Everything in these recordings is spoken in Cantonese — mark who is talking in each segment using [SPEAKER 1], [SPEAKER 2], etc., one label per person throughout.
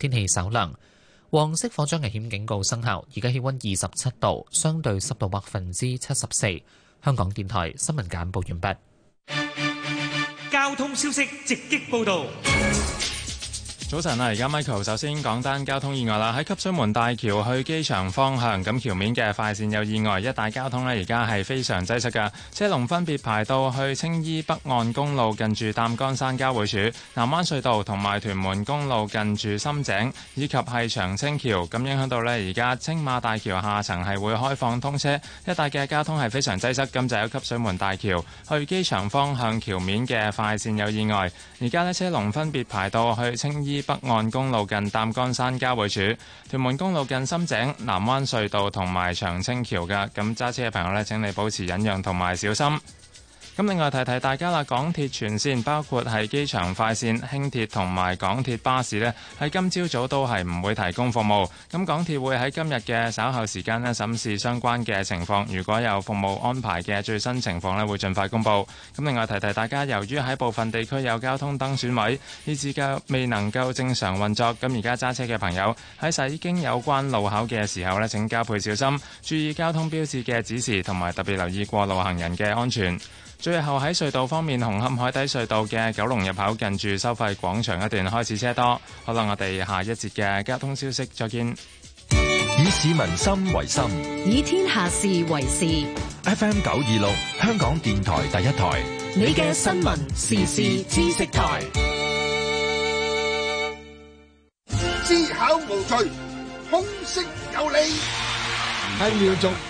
[SPEAKER 1] 天氣稍涼，黃色火災危險警告生效。而家氣溫二十七度，相對濕度百分之七十四。香港電台新聞簡報完畢。交通消息直擊報道。早晨啊！而家 Michael
[SPEAKER 2] 首先講單交通意外啦，喺汲水門大橋去機場方向，咁橋面嘅快線有意外，一帶交通咧而家係非常擠塞噶，車龍分別排到去青衣北岸公路近住擔杆山交匯處、南灣隧道同埋屯門公路近住深井，以及係長青橋，咁影響到咧而家青馬大橋下層係會開放通車，一帶嘅交通係非常擠塞，咁就有汲水門大橋去機場方向橋面嘅快線有意外，而家咧車龍分別排到去青衣。北岸公路近淡江山交匯處、屯門公路近深井南灣隧道同埋長青橋嘅，咁揸車嘅朋友咧，請你保持忍讓同埋小心。咁另外提提大家啦，港鐵全線包括係機場快線、輕鐵同埋港鐵巴士咧，喺今朝早都係唔會提供服務，咁港鐵會喺今日嘅稍後時間咧，審視相關嘅情況，如果有服務安排嘅最新情況咧，會盡快公佈。咁另外提提大家，由於喺部分地區有交通燈損毀，以致未能夠正常運作。咁而家揸車嘅朋友喺駛經有關路口嘅時候咧，請加倍小心，注意交通標誌嘅指示，同埋特別留意過路行人嘅安全。最後喺隧道方面，紅磡海底隧道嘅九龍入口近住收費廣場一段開始車多。好啦，我哋下一節嘅交通消息再見。以市民心為心，
[SPEAKER 1] 以天下事為事。
[SPEAKER 2] FM 九二六，香港電台第一台。
[SPEAKER 1] 你嘅新聞時事知識台。
[SPEAKER 3] 思考無罪，空升有理。
[SPEAKER 4] 喺秒鐘。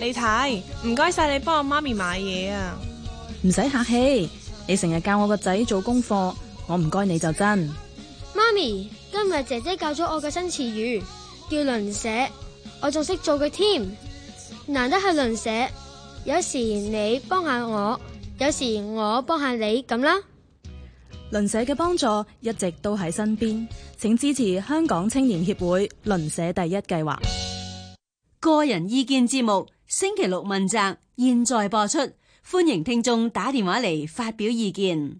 [SPEAKER 4] 你睇，唔該晒你幫我媽咪買嘢啊！
[SPEAKER 5] 唔使客氣，你成日教我個仔做功課，我唔該你就真。
[SPEAKER 4] 媽咪，今日姐姐教咗我個新詞語，叫鄰舍。我仲識做佢添。難得係鄰舍。有時你幫
[SPEAKER 5] 下我，有時我幫下你咁啦。鄰舍嘅幫助一直都喺身邊，請支持香港青年協會鄰舍第一計劃。個人意見節目。星期六問責，現在播出，
[SPEAKER 1] 歡迎聽眾打電話嚟發表意見。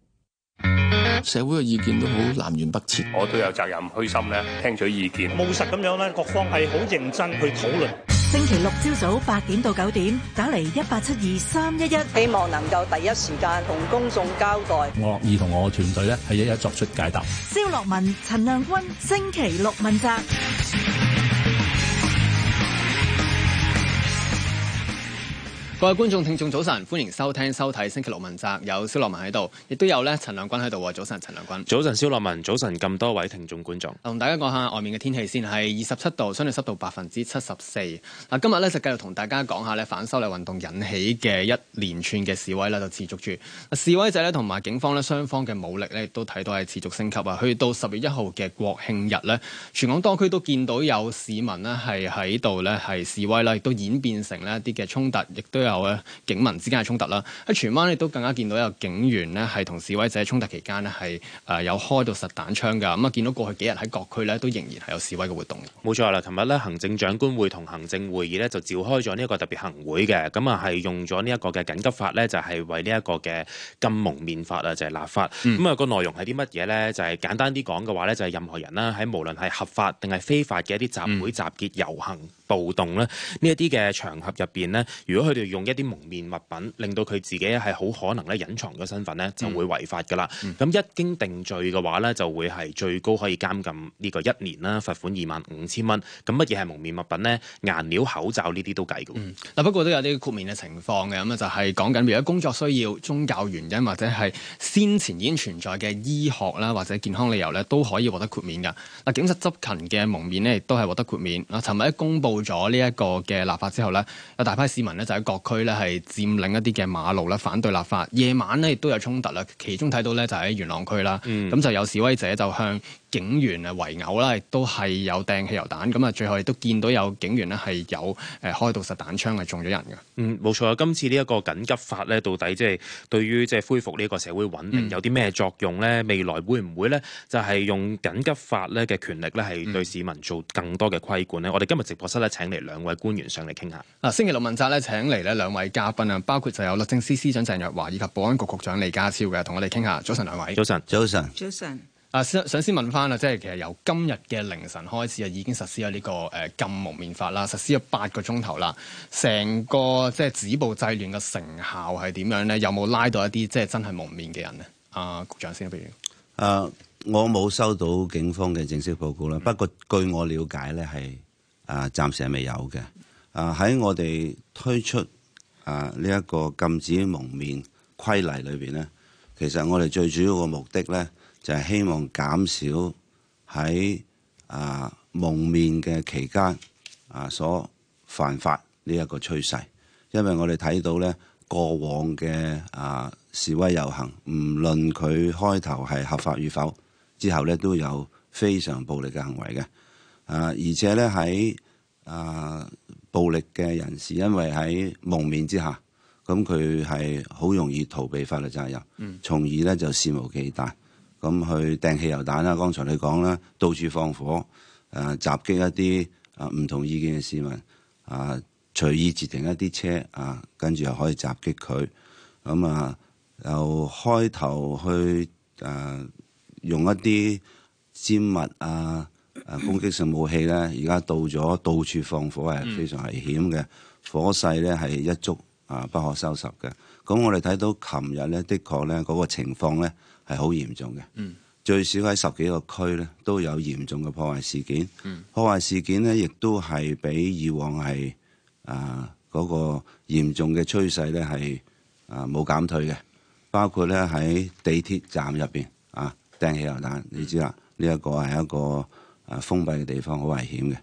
[SPEAKER 3] 社會嘅意見都好南轅北轍，我都有責任虛心呢聽取意見，務實咁樣呢各方係好認真去討
[SPEAKER 1] 論。星期六朝早八點到九點打嚟一八七二三一一，希望能夠第一時間同公眾交代。
[SPEAKER 3] 我樂意同我團隊呢係一一作出解答。
[SPEAKER 5] 蕭洛汶、陳亮均，星期六問責。
[SPEAKER 4] 各位觀眾、聽眾早晨，歡迎收聽、收睇《星期六問責》，有蕭洛汶喺度，亦都有咧陳亮均喺度。早晨，陳亮均，早晨，蕭洛
[SPEAKER 6] 汶，早晨咁多位聽眾、觀眾，
[SPEAKER 4] 同大家講下外面嘅天氣先，係二十七度，相對濕度百分之七十四。嗱，今日咧就繼續同大家講下咧反修例運動引起嘅一連串嘅示威啦，就持續住。示威者呢，同埋警方咧雙方嘅武力咧，亦都睇到係持續升級啊！去到十月一號嘅國慶日咧，全港多區都見到有市民呢，係喺度咧係示威啦，亦都演變成咧啲嘅衝突，亦都有警民之間嘅衝突啦，喺荃灣亦都更加見到有警員呢，係同示威者衝突期間呢，係誒有開到實彈槍噶，咁啊見到過去幾日喺各區呢，都仍然係有示威嘅活動。冇錯啦，琴日呢行政長
[SPEAKER 6] 官會同行政會議呢，就召開咗呢一個特別行會嘅，咁啊係用咗呢一個嘅緊急法呢，就係為呢一個嘅禁蒙面法啊，就係立法。咁啊、嗯、個內容係啲乜嘢呢？就係簡單啲講嘅話呢，就係任何人啦，喺無論係合法定係非法嘅一啲集會、集結、遊行，嗯暴動呢，呢一啲嘅場合入邊呢，如果佢哋用一啲蒙面物品，令到佢自己係好可能咧隱藏咗身份呢，就會違法噶啦。咁、嗯嗯、一經定罪嘅話呢，就會係最高可以監禁呢個一年啦，罰款二萬五千蚊。咁乜嘢係蒙面物品呢？顏料口罩呢啲都計㗎。
[SPEAKER 4] 嗱、嗯、不過都有啲豁免嘅情況嘅，咁啊就係、是、講緊如果工作需要、宗教原因或者係先前已經存在嘅醫學啦或者健康理由呢，都可以獲得豁免㗎。嗱，警察執勤嘅蒙面亦都係獲得豁免。啊，尋日一公布。做咗呢一個嘅立法之後咧，有大批市民咧就喺各區咧係佔領一啲嘅馬路咧反對立法，夜晚咧亦都有衝突啦。其中睇到咧就喺元朗區啦，咁、嗯、就有示威者就向。警員啊，圍毆啦，都係有掟汽油彈。咁啊，最後亦都見到有警員咧，係有誒開到實彈槍，係中咗人嘅。嗯，
[SPEAKER 6] 冇錯啊！今次呢一個緊急法咧，到底即係對於即係恢復呢一個社會穩定、嗯、有啲咩作用咧？未來會唔會咧就係用緊急法咧嘅權力咧，係對市民做更多嘅規管咧？嗯、我哋今日直播室咧請嚟兩位官員上嚟傾下。
[SPEAKER 4] 嗱，星期六問責咧請嚟咧兩位嘉賓啊，包括就有律政司司長鄭若驊以及保安局局長李家超嘅，同我哋傾下。早晨，兩位。早晨，早晨。早晨。啊！想先問翻啦，即係其實由今日嘅凌晨開始啊，已經實施咗呢個誒禁蒙面法啦，實施咗八個鐘頭啦。成個即係止暴制亂嘅成效係點樣咧？有冇拉到一啲即係真係蒙面嘅人咧？啊，局長先不如。啊，我
[SPEAKER 7] 冇收到警方嘅正式報告啦。嗯、不過據我了解咧，係啊，暫時係未有嘅。啊，喺我哋推出啊呢一個禁止蒙面規例裏邊咧，其實我哋最主要嘅目的咧。就係希望減少喺啊、呃、蒙面嘅期間啊、呃、所犯法呢一個趨勢，因為我哋睇到呢過往嘅啊、呃、示威遊行，唔論佢開頭係合法與否，之後呢都有非常暴力嘅行為嘅啊、呃。而且呢，喺啊、呃、暴力嘅人士，因為喺蒙面之下，咁佢係好容易逃避法律責任，從、嗯、而呢就肆無忌憚。咁去掟汽油彈啦！剛才你講啦，到處放火，誒、啊、襲擊一啲唔同意見嘅市民，啊隨意截停一啲車，啊跟住又可以襲擊佢，咁啊又開頭去、啊、用一啲尖物啊、啊攻擊性武器咧，而家到咗到處放火係非常危險嘅，嗯、火勢咧係一觸啊不可收拾嘅。咁我哋睇到琴日咧，的確咧嗰個情況咧。係好嚴重嘅，最少喺十幾個區咧都有嚴重嘅破壞事件。破壞事件咧，亦都係比以往係啊嗰、那個嚴重嘅趨勢咧係啊冇減退嘅。包括咧喺地鐵站入邊啊掟汽油彈，你知啦，呢、這個、一個係一個啊封閉嘅地方，好危險嘅。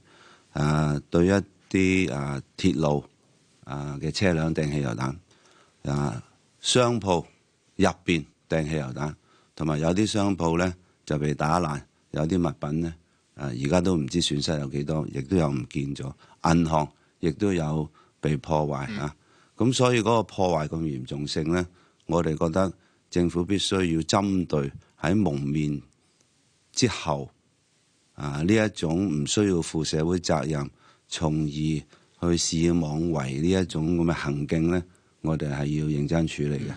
[SPEAKER 7] 啊，對一啲啊鐵路啊嘅車輛掟汽油彈，啊商鋪入邊掟汽油彈。同埋有啲商鋪呢就被打爛，有啲物品呢誒而家都唔知損失有幾多，亦都有唔見咗。銀行亦都有被破壞啊！咁、嗯、所以嗰個破壞咁嚴重性呢，我哋覺得政府必須要針對喺蒙面之後，啊呢一種唔需要負社會責任，從而去肆意妄為呢一種咁嘅行徑呢，我哋係要認真處理嘅。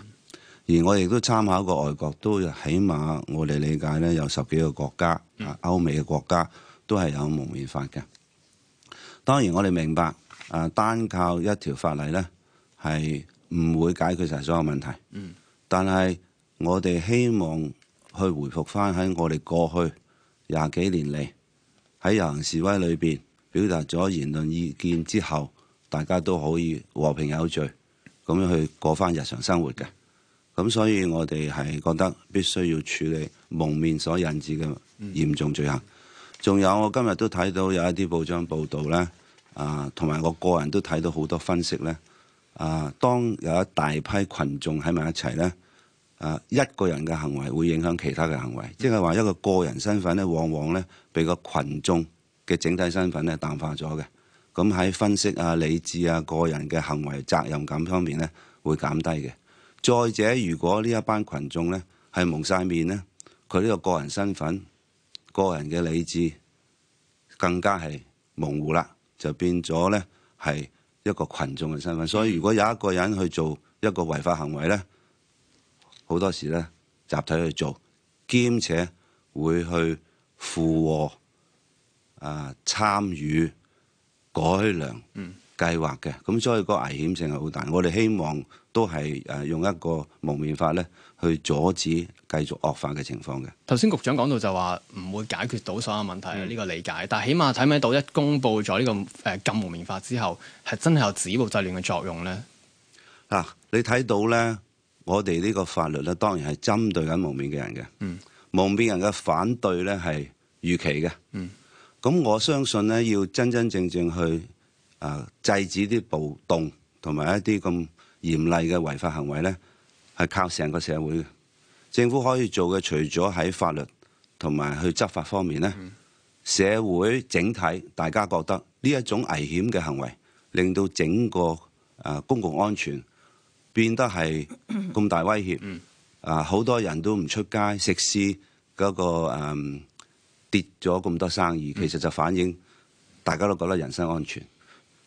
[SPEAKER 7] 而我亦都參考過外國，都起碼我哋理解咧，有十幾個國家，歐美嘅國、國家都係有蒙面法嘅。當然，我哋明白啊，單靠一條法例呢，係唔會解決晒所有問題。但係我哋希望去回復翻喺我哋過去廿幾年嚟喺遊行示威裏邊表達咗言論意見之後，大家都可以和平有序咁樣去過翻日常生活嘅。咁所以，我哋係覺得必須要處理蒙面所引致嘅嚴重罪行。仲有，我今日都睇到有一啲報章報道咧，啊，同埋我個人都睇到好多分析咧。啊，當有一大批群眾喺埋一齊咧，啊，一個人嘅行為會影響其他嘅行為，即係話一個個人身份咧，往往咧被個群眾嘅整體身份咧淡化咗嘅。咁喺分析啊、理智啊、個人嘅行為責任感方面咧，會減低嘅。再者，如果呢一班群眾呢，係蒙晒面呢，佢呢個個人身份、個人嘅理智更加係模糊啦，就變咗呢，係一個群眾嘅身份。所以，如果有一個人去做一個違法行為呢，好多時呢，集體去做，兼且會去附和啊、參與改良計劃嘅。咁所以個危險性係好大。我哋希望。都係誒用一個蒙面法咧，去阻止繼續惡化嘅情況嘅。
[SPEAKER 4] 頭先局長講到就話唔會解決到所有問題，呢個理解。但係起碼睇唔睇到一公布咗呢個誒禁蒙面法之後，係真係有止暴制亂嘅作用咧。嗱，你睇到咧，
[SPEAKER 7] 我哋呢個法律咧，當然係針對緊蒙面嘅人嘅。嗯，蒙面人嘅反對咧係預期嘅。嗯，咁我相信咧，要真真正正去誒制止啲暴動同埋一啲咁。嚴厲嘅違法行為呢，係靠成個社會嘅政府可以做嘅，除咗喺法律同埋去執法方面呢，嗯、社會整體大家覺得呢一種危險嘅行為，令到整個、呃、公共安全變得係咁大威脅，啊好、嗯呃、多人都唔出街食肆嗰、那個、呃、跌咗咁多生意，其實就反映大家都覺得人身安全。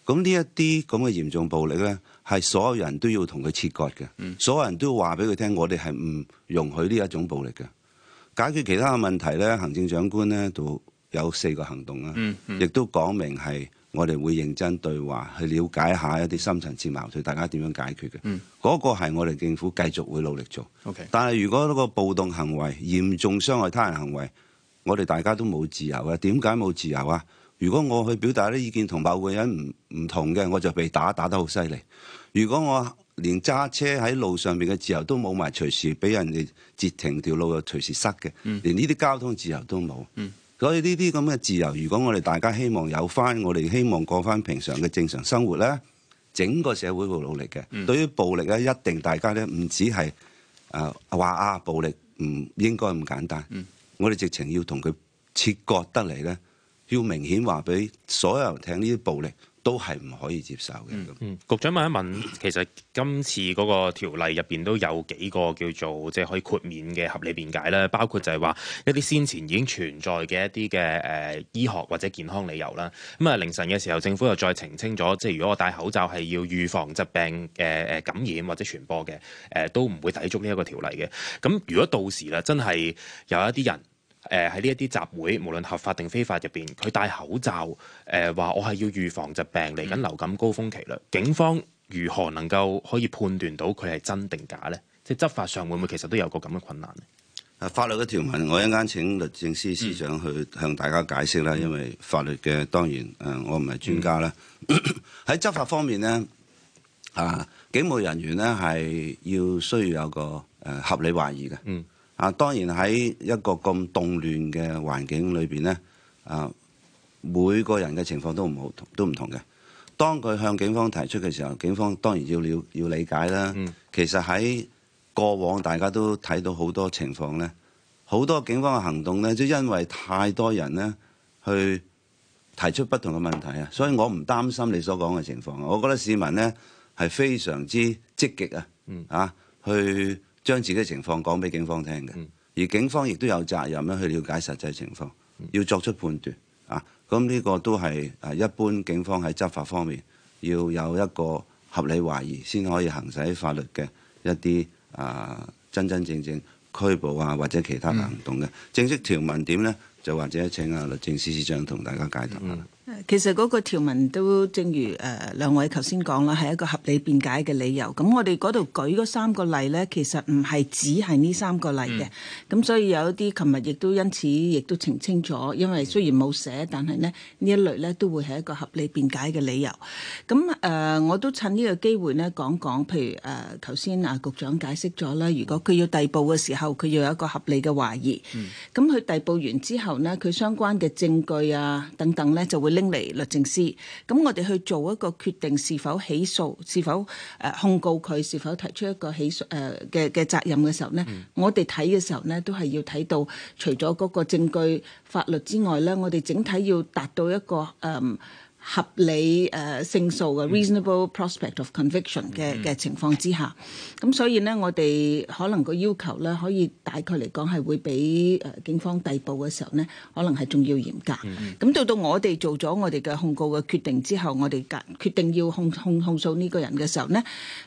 [SPEAKER 7] 咁呢一啲咁嘅嚴重暴力呢。係所有人都要同佢切割嘅，嗯、所有人都要話俾佢聽，我哋係唔容許呢一種暴力嘅。解決其他嘅問題咧，行政長官咧都有四個行動，亦都講明係我哋會認真對話，去了解一下一啲深層次矛盾，大家點樣解決嘅。嗰、嗯、個係我哋政府繼續會努力做。Okay. 但係如果嗰個暴動行為嚴重傷害他人行為，我哋大家都冇自由啊。點解冇自由啊？如果我去表達啲意見同某個人唔唔同嘅，我就被打，打得好犀利。如果我連揸車喺路上面嘅自由都冇埋，隨時俾人哋截停條路又隨時塞嘅，連呢啲交通自由都冇。嗯、所以呢啲咁嘅自由，如果我哋大家希望有翻，我哋希望過翻平常嘅正常生活咧，整個社會會,會努力嘅。嗯、對於暴力咧，一定大家咧唔止係誒話啊，暴力唔應該咁簡單。嗯、我哋直情要同佢切割得嚟咧。要明顯話俾所有人聽，呢啲暴力都係唔可以接受
[SPEAKER 6] 嘅。嗯嗯，局長問一問，其實今次嗰個條例入邊都有幾個叫做即係可以豁免嘅合理辯解啦，包括就係話一啲先前已經存在嘅一啲嘅誒醫學或者健康理由啦。咁啊，凌晨嘅時候，政府又再澄清咗，即係如果我戴口罩係要預防疾病嘅誒感染或者傳播嘅，誒都唔會抵觸呢一個條例嘅。咁如果到時啦，真係有一啲人。誒喺呢一啲集會，無論合法定非法入邊，佢戴口罩，誒、呃、話我係要預防疾病嚟緊流感高峰期啦。警方如何能夠可以判斷到佢係真定假呢？即係執法上會唔會其實都有個咁嘅困難？
[SPEAKER 7] 法律嘅條文，我一陣間請律政司司長去向大家解釋啦，嗯、因為法律嘅當然誒，我唔係專家啦。喺、嗯、執法方面呢，啊，警務人員呢係要需要有個誒合理懷疑嘅。嗯。啊，當然喺一個咁動亂嘅環境裏邊呢，啊，每個人嘅情況都唔好，都唔同嘅。當佢向警方提出嘅時候，警方當然要了要理解啦。其實喺過往，大家都睇到好多情況呢，好多警方嘅行動呢，即因為太多人呢去提出不同嘅問題啊。所以我唔擔心你所講嘅情況。我覺得市民呢，係非常之積極啊，啊去將自己嘅情況講俾警方聽嘅，而警方亦都有責任咧去了解實際情況，要作出判斷啊。咁呢個都係啊，一般警方喺執法方面要有一個合理懷疑先可以行使法律嘅一啲啊、呃、真真正正拘捕啊或者其他行動嘅、嗯、正式條文點呢？就或者請啊律政司司長同大家解答。
[SPEAKER 5] 其實嗰個條文都正如誒兩、呃、位頭先講啦，係一個合理辯解嘅理由。咁我哋嗰度舉嗰三個例咧，其實唔係只係呢三個例嘅。咁、嗯、所以有一啲琴日亦都因此亦都澄清咗，因為雖然冇寫，但係呢，呢一類咧都會係一個合理辯解嘅理由。咁誒、呃，我都趁這個機會呢個機會咧講講，譬如誒頭先啊局長解釋咗啦，如果佢要逮捕嘅時候，佢要有一個合理嘅懷疑。咁佢逮捕完之後呢，佢相關嘅證據啊等等咧就會。拎嚟律政司，咁我哋去做一個決定，是否起訴，是否起訴，是否誒控告佢，是否提出一個起訴誒嘅嘅責任嘅時候咧，嗯、我哋睇嘅時候咧，都係要睇到除咗嗰個證據法律之外咧，我哋整體要達到一個誒。呃合理誒、uh, 勝訴嘅、mm hmm. reasonable prospect of conviction 嘅嘅情況之下，咁、mm hmm. 所以呢，我哋可能個要求呢，可以大概嚟講係會比誒、呃、警方逮捕嘅時候呢，可能係仲要嚴格。咁到、mm hmm. 到我哋做咗我哋嘅控告嘅決定之後，我哋決定要控控控，控訴呢個人嘅時候呢，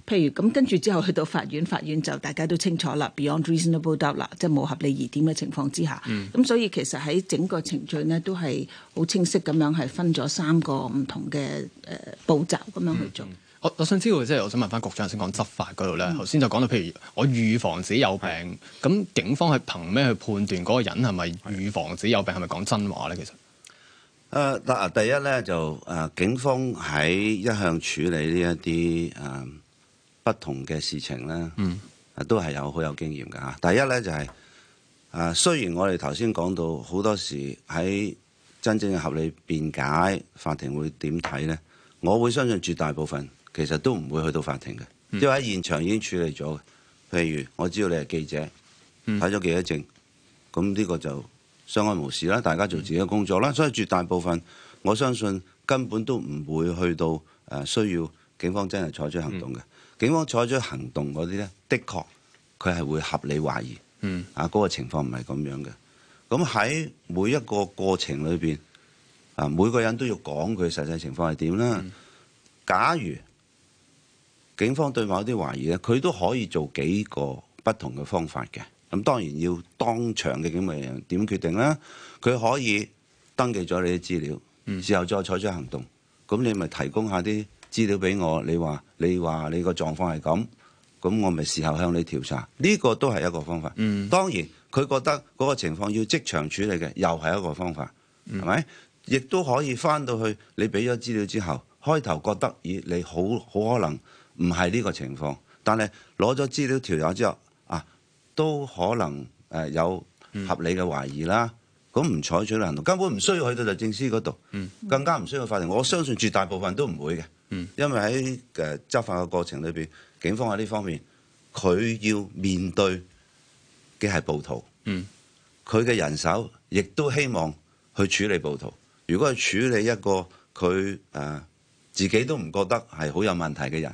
[SPEAKER 5] 譬如咁跟住之後去到法院，法院就大家都清楚啦，beyond reasonable doubt 啦，即係冇合理疑點嘅情況之下，咁、mm hmm. 所以其實喺整個程序呢，都係。好清晰咁樣係分咗三個唔同嘅誒步驟咁樣去做。
[SPEAKER 4] 我、嗯、我想知道即係我想問翻局長頭先講執法嗰度咧，頭先就講到譬如我預防自己有病，咁的警方係憑咩去判斷嗰個人係咪預防自己有病係咪講真話咧？其實誒、
[SPEAKER 7] 呃，第一咧就誒、呃，警方喺一向處理呢一啲誒不同嘅事情咧，呃、嗯，都係有好有經驗㗎吓、啊。第一咧就係、是、誒、呃，雖然我哋頭先講到好多時喺。真正嘅合理辯解，法庭會點睇呢？我會相信絕大部分其實都唔會去到法庭嘅，因為喺現場已經處理咗嘅。譬如我知道你係記者，睇咗記者證，咁、嗯、呢個就相安無事啦，大家做自己嘅工作啦。所以絕大部分我相信根本都唔會去到誒需要警方真係採取行動嘅。警方採取行動嗰啲呢，的確，佢係會合理懷疑，嗯、啊、嗰個情況唔係咁樣嘅。咁喺每一個過程裏邊，啊，每個人都要講佢實際情況係點啦。假如警方對某啲懷疑咧，佢都可以做幾個不同嘅方法嘅。咁當然要當場嘅警務人員點決定啦。佢可以登記咗你啲資料，事後再採取行動。咁你咪提供下啲資料俾我。你話你話你個狀況係咁，咁我咪事後向你調查。呢個都係一個方法。嗯，當然。佢覺得嗰個情況要即場處理嘅，又係一個方法，係咪、嗯？亦都可以翻到去你俾咗資料之後，開頭覺得以你好好可能唔係呢個情況，但係攞咗資料調咗之後啊，都可能誒、呃、有合理嘅懷疑啦。咁唔、嗯、採取行動，根本唔需要去到律政司嗰度，更加唔需要法庭。我相信絕大部分都唔會嘅，因為喺誒、呃、執法嘅過程裏邊，警方喺呢方面佢要面對。即係暴徒，佢嘅人手亦都希望去處理暴徒。如果去處理一個佢誒、呃、自己都唔覺得係好有問題嘅人，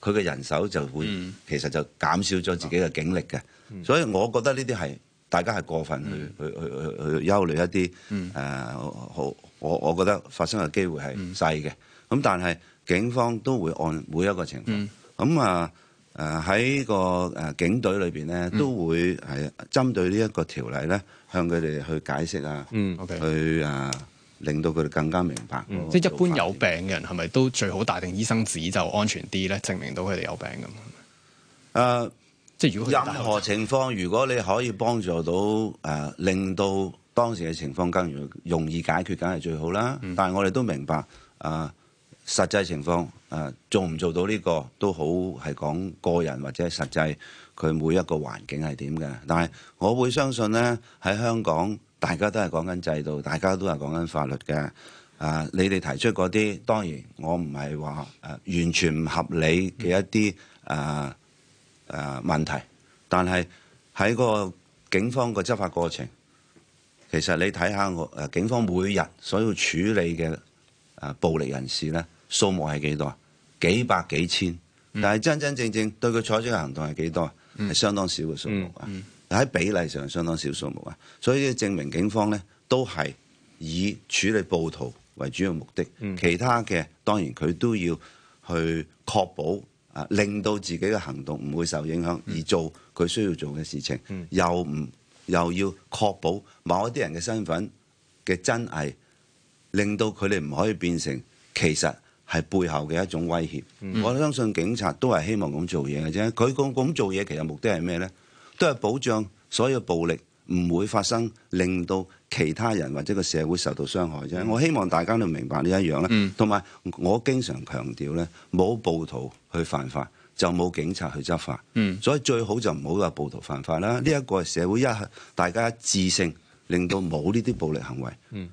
[SPEAKER 7] 佢嘅人手就會、嗯、其實就減少咗自己嘅警力嘅。嗯、所以我覺得呢啲係大家係過分、嗯、去去去去去憂慮一啲誒，好、嗯呃、我我覺得發生嘅機會係細嘅。咁、嗯、但係警方都會按每一個情況咁、嗯嗯、啊。誒喺、呃、個誒、呃、警隊裏邊咧，都會係針對呢一個條例咧，向佢哋去解釋啊，嗯 okay、去誒、呃、令到佢哋更加明白、那個嗯。即係一
[SPEAKER 4] 般有病嘅人，係咪都最好帶定醫生紙就安全啲咧？證明到佢哋有病咁。誒、
[SPEAKER 7] 呃，即係如果任何情況，如果你可以幫助到誒、呃，令到當時嘅情況更容易解決，梗係最好啦。嗯、但係我哋都明白誒、呃、實際情況。做唔做到呢個都好，係講個人或者實際佢每一個環境係點嘅。但係我會相信呢，喺香港大家都係講緊制度，大家都係講緊法律嘅。啊，你哋提出嗰啲當然我唔係話完全唔合理嘅一啲啊啊問題，嗯、但係喺個警方嘅執法過程，其實你睇下我誒警方每日所要處理嘅啊暴力人士咧數目係幾多？幾百幾千，但係真真正正對佢採取嘅行動係幾多啊？係相當少嘅數目啊！喺比例上相當少數目啊！所以證明警方呢都係以處理暴徒為主要目的，其他嘅當然佢都要去確保啊，令到自己嘅行動唔會受影響，而做佢需要做嘅事情，又唔又要確保某一啲人嘅身份嘅真偽，令到佢哋唔可以變成其實。係背後嘅一種威脅，我相信警察都係希望咁做嘢嘅啫。佢咁咁做嘢，其實目的係咩呢？都係保障所有暴力唔會發生，令到其他人或者個社會受到傷害啫。我希望大家都明白呢一樣啦。同埋我經常強調呢：冇暴徒去犯法，就冇警察去執法。所以最好就唔好話暴徒犯法啦。呢一個係社會一大家一致性，令到冇呢啲暴力行為。
[SPEAKER 8] Okay.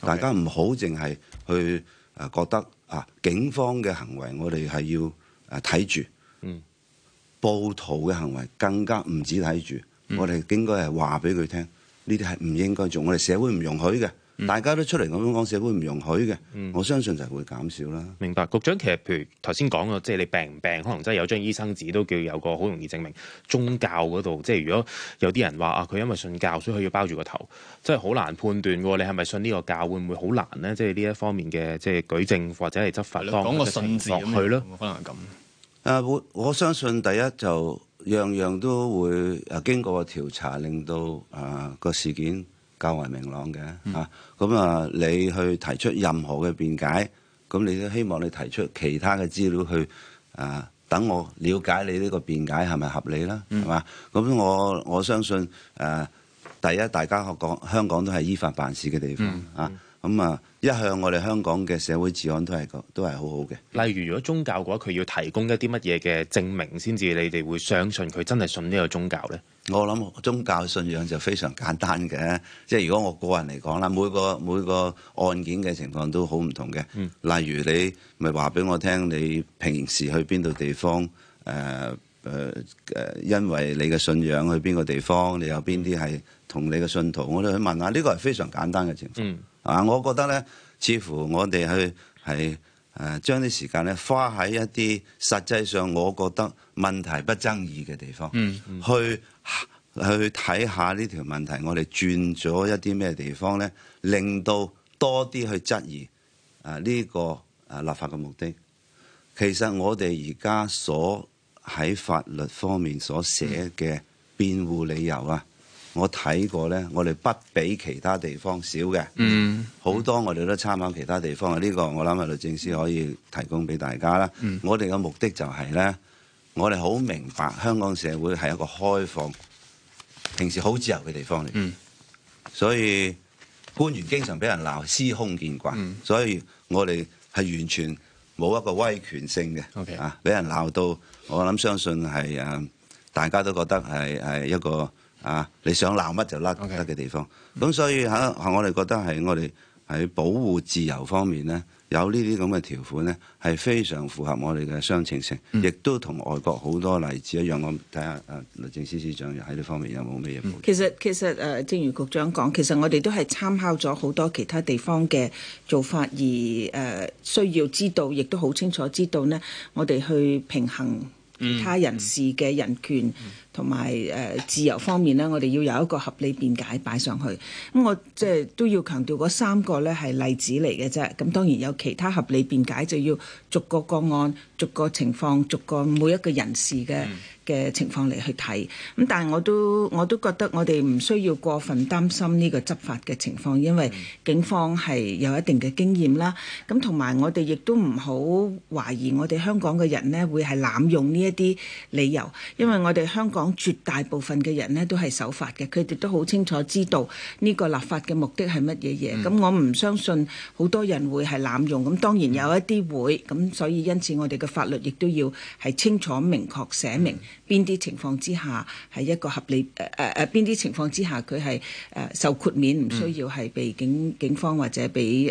[SPEAKER 7] 大家唔好淨係去。啊，覺得啊，警方嘅行為我哋係要啊睇住，暴徒嘅行為更加唔止睇住，我哋應該係話俾佢聽，呢啲係唔應該做，我哋社會唔容許嘅。大家都出嚟咁講，社會唔容許嘅，嗯、我相信就係會減少啦。明白，
[SPEAKER 6] 局長其實譬如頭先講個，即係你病唔病，可能真係有一張醫生紙都叫有個好容易證明。宗教嗰度，即係如果有啲人話啊，佢因為信教，所以佢要包住個頭，真係好難判斷。你係咪信呢個教，會唔會好難呢？即係呢一方面嘅，即係舉證或者係執法當局的情況去咯。
[SPEAKER 4] 可
[SPEAKER 7] 能咁。誒、啊，我相信第一就樣樣都會誒經過調查，令到誒、啊、個事件，較為明朗嘅吓咁、嗯、啊你去提出任何嘅辯解，咁你都希望你提出其他嘅資料去啊，等我了解你呢個辯解係咪合理啦，係嘛、嗯？咁我我相信、啊、第一大家學講香港都係依法辦事嘅地方啊。嗯嗯咁啊、嗯，一向我哋香港嘅社會治安都係，都係好好
[SPEAKER 6] 嘅。例如，如果宗教嘅話，佢要提供一啲乜嘢嘅證明先至，你哋會相信佢真係
[SPEAKER 7] 信呢個宗教呢？我諗宗教信仰就非常簡單嘅，即係如果我個人嚟講啦，每個每個案件嘅情況都好唔同嘅。嗯、例如你咪話俾我聽，你平時去邊度地方、呃呃？因為你嘅信仰去邊個地方？你有邊啲係同你嘅信徒？我都去問下，呢、呢個係非常簡單嘅情況。嗯啊，我覺得呢，似乎我哋去係誒將啲時間呢花喺一啲實際上，我覺得問題不爭議嘅地方，嗯嗯去去睇下呢條問題，我哋轉咗一啲咩地方呢，令到多啲去質疑誒呢個立法嘅目的。其實我哋而家所喺法律方面所寫嘅辯護理由啊。我睇過呢，我哋不比其他地方少嘅，嗯、好多我哋都參考其他地方嘅呢、呢個，我諗律政司可以提供俾大家啦。嗯、我哋嘅目的就係、係、呢，我哋好明白香港社會係一個開放、平時好自由嘅地方嚟，嗯、所以官員經常俾人鬧，司空見慣。嗯、所以我哋係完全冇一個威權性嘅、嗯 okay. 啊，俾人鬧到我諗相信係啊，大家都覺得係係一個。啊！你想鬧乜就甩得嘅地方，咁、okay. mm hmm. 所以嚇，我哋覺得係我哋喺保護自由方面呢，有呢啲咁嘅條款呢，係非常符合我哋嘅相稱性，亦、mm hmm. 都同外國好多例子一樣。我睇下啊律政司司長喺呢方面有冇咩嘢，
[SPEAKER 5] 其實其實誒，正、呃、如局長講，其實我哋都係參考咗好多其他地方嘅做法而誒、呃，需要知道，亦都好清楚知道呢，我哋去平衡他人士嘅人權。Mm hmm. mm hmm. 同埋誒自由方面咧，我哋要有一個合理辯解擺上去。咁我即係都要強調嗰三個咧係例子嚟嘅啫。咁當然有其他合理辯解，就要逐個個案、逐個情況、逐個每一個人士嘅嘅情況嚟去睇。咁但係我都我都覺得我哋唔需要過分擔心呢個執法嘅情況，因為警方係有一定嘅經驗啦。咁同埋我哋亦都唔好懷疑我哋香港嘅人咧會係濫用呢一啲理由，因為我哋香港。講絕大部分嘅人呢都係守法嘅，佢哋都好清楚知道呢個立法嘅目的係乜嘢嘢。咁、嗯、我唔相信好多人會係濫用。咁當然有一啲會，咁、嗯、所以因此我哋嘅法律亦都要係清楚明確寫明邊啲、嗯、情況之下係一個合理，誒誒誒邊啲情況之下佢係誒受豁免，唔需要係被警警方或者俾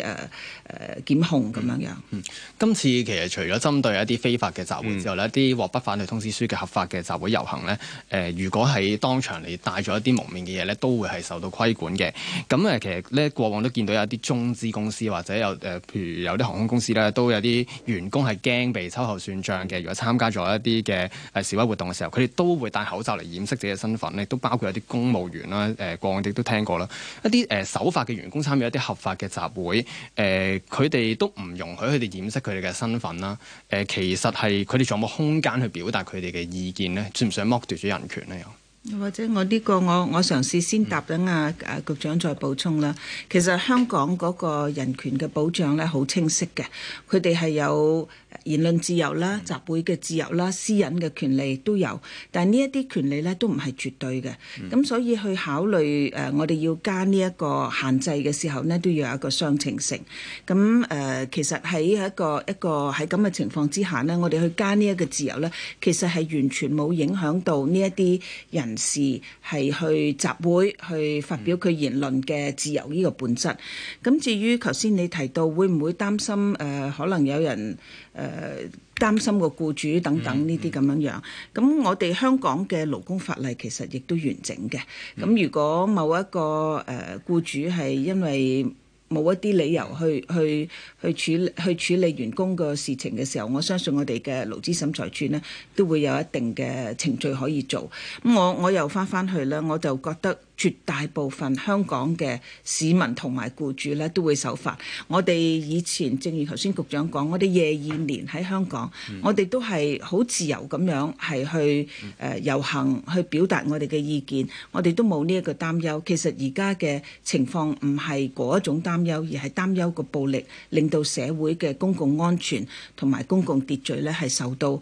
[SPEAKER 5] 誒誒檢控咁樣樣、嗯嗯。今次其實除咗針對一
[SPEAKER 4] 啲非法嘅集會之後呢、嗯、一啲獲不反對通知書嘅合法嘅集會遊行呢。嗯誒、呃，如果喺當場你帶咗一啲蒙面嘅嘢咧，都會係受到規管嘅。咁誒，其實咧過往都見到有啲中資公司或者有誒，譬、呃、如有啲航空公司咧，都有啲員工係驚被秋後算賬嘅。如果參加咗一啲嘅、呃、示威活動嘅時候，佢哋都會戴口罩嚟掩飾自己嘅身份亦都包括有啲公務員啦。誒、呃，過往亦都聽過啦，一啲誒、呃、守法嘅員工參與一啲合法嘅集會，誒、呃，佢哋都唔容許佢哋掩飾佢哋嘅身份啦。誒、呃，其實係佢哋仲有冇空間去表達佢哋嘅意見呢？算唔算剝奪？人權咧
[SPEAKER 5] 又，或者我呢個，我我嘗試先答，等啊啊局長再補充啦。其實香港嗰個人權嘅保障咧好清晰嘅，佢哋係有。言論自由啦，集會嘅自由啦，mm. 私隱嘅權利都有，但係呢一啲權利咧都唔係絕對嘅。咁、mm. 所以去考慮誒、呃，我哋要加呢一個限制嘅時候咧，都要有一個雙程性。咁誒、呃，其實喺一個一個喺咁嘅情況之下咧，我哋去加呢一個自由咧，其實係完全冇影響到呢一啲人士係去集會去發表佢言論嘅自由呢個本質。咁、mm. 至於頭先你提到會唔會擔心誒、呃，可能有人誒、呃、擔心個僱主等等呢啲咁樣樣，咁我哋香港嘅勞工法例其實亦都完整嘅。咁如果某一個誒、呃、僱主係因為冇一啲理由去去去處去處理員工個事情嘅時候，我相信我哋嘅勞資審裁處呢都會有一定嘅程序可以做。咁我我又翻翻去咧，我就覺得。絕大部分香港嘅市民同埋僱主咧都會守法。我哋以前正如頭先局長講，我哋廿二年喺香港，我哋都係好自由咁樣係去誒遊行，去表達我哋嘅意見。我哋都冇呢一個擔憂。其實而家嘅情況唔係嗰一種擔憂，而係擔憂個暴力令到社會嘅公共安全同埋公共秩序咧係受到誒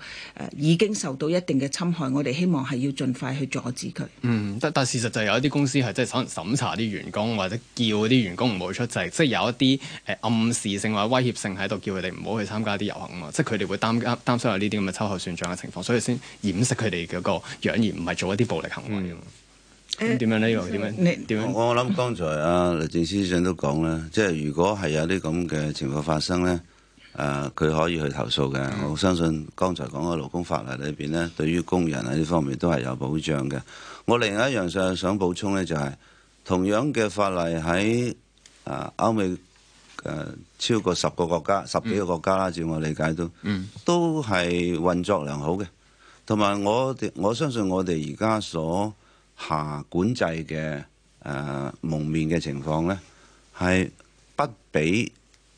[SPEAKER 5] 已經受到一定嘅侵害。我哋希望係要盡快去阻止佢。嗯，
[SPEAKER 4] 但但事實就係有一啲公公司係即係可能審查啲員工或者叫啲員工唔好出席。即係有一啲誒暗示性或者威脅性喺度叫佢哋唔好去參加啲遊行啊嘛，即係佢哋會擔擔心有呢啲咁嘅秋後算賬嘅情況，所以先掩飾佢哋嗰個樣，而唔係做一啲暴力行為。咁點、嗯、樣呢？又點、呃、樣？
[SPEAKER 7] 點樣你？我諗剛才啊律政司長都講啦，即係如果係有啲咁嘅情況發生咧。誒佢、呃、可以去投訴嘅，我相信剛才講嘅勞工法例裏面呢，呢對於工人喺呢方面都係有保障嘅。我另外一樣想補補充呢，就係、是、同樣嘅法例喺啊、呃、歐美、呃、超過十個國家、十幾個國家啦，照我理解都，都係運作良好嘅。同埋我哋我相信我哋而家所下管制嘅、呃、蒙面嘅情況呢，係不比。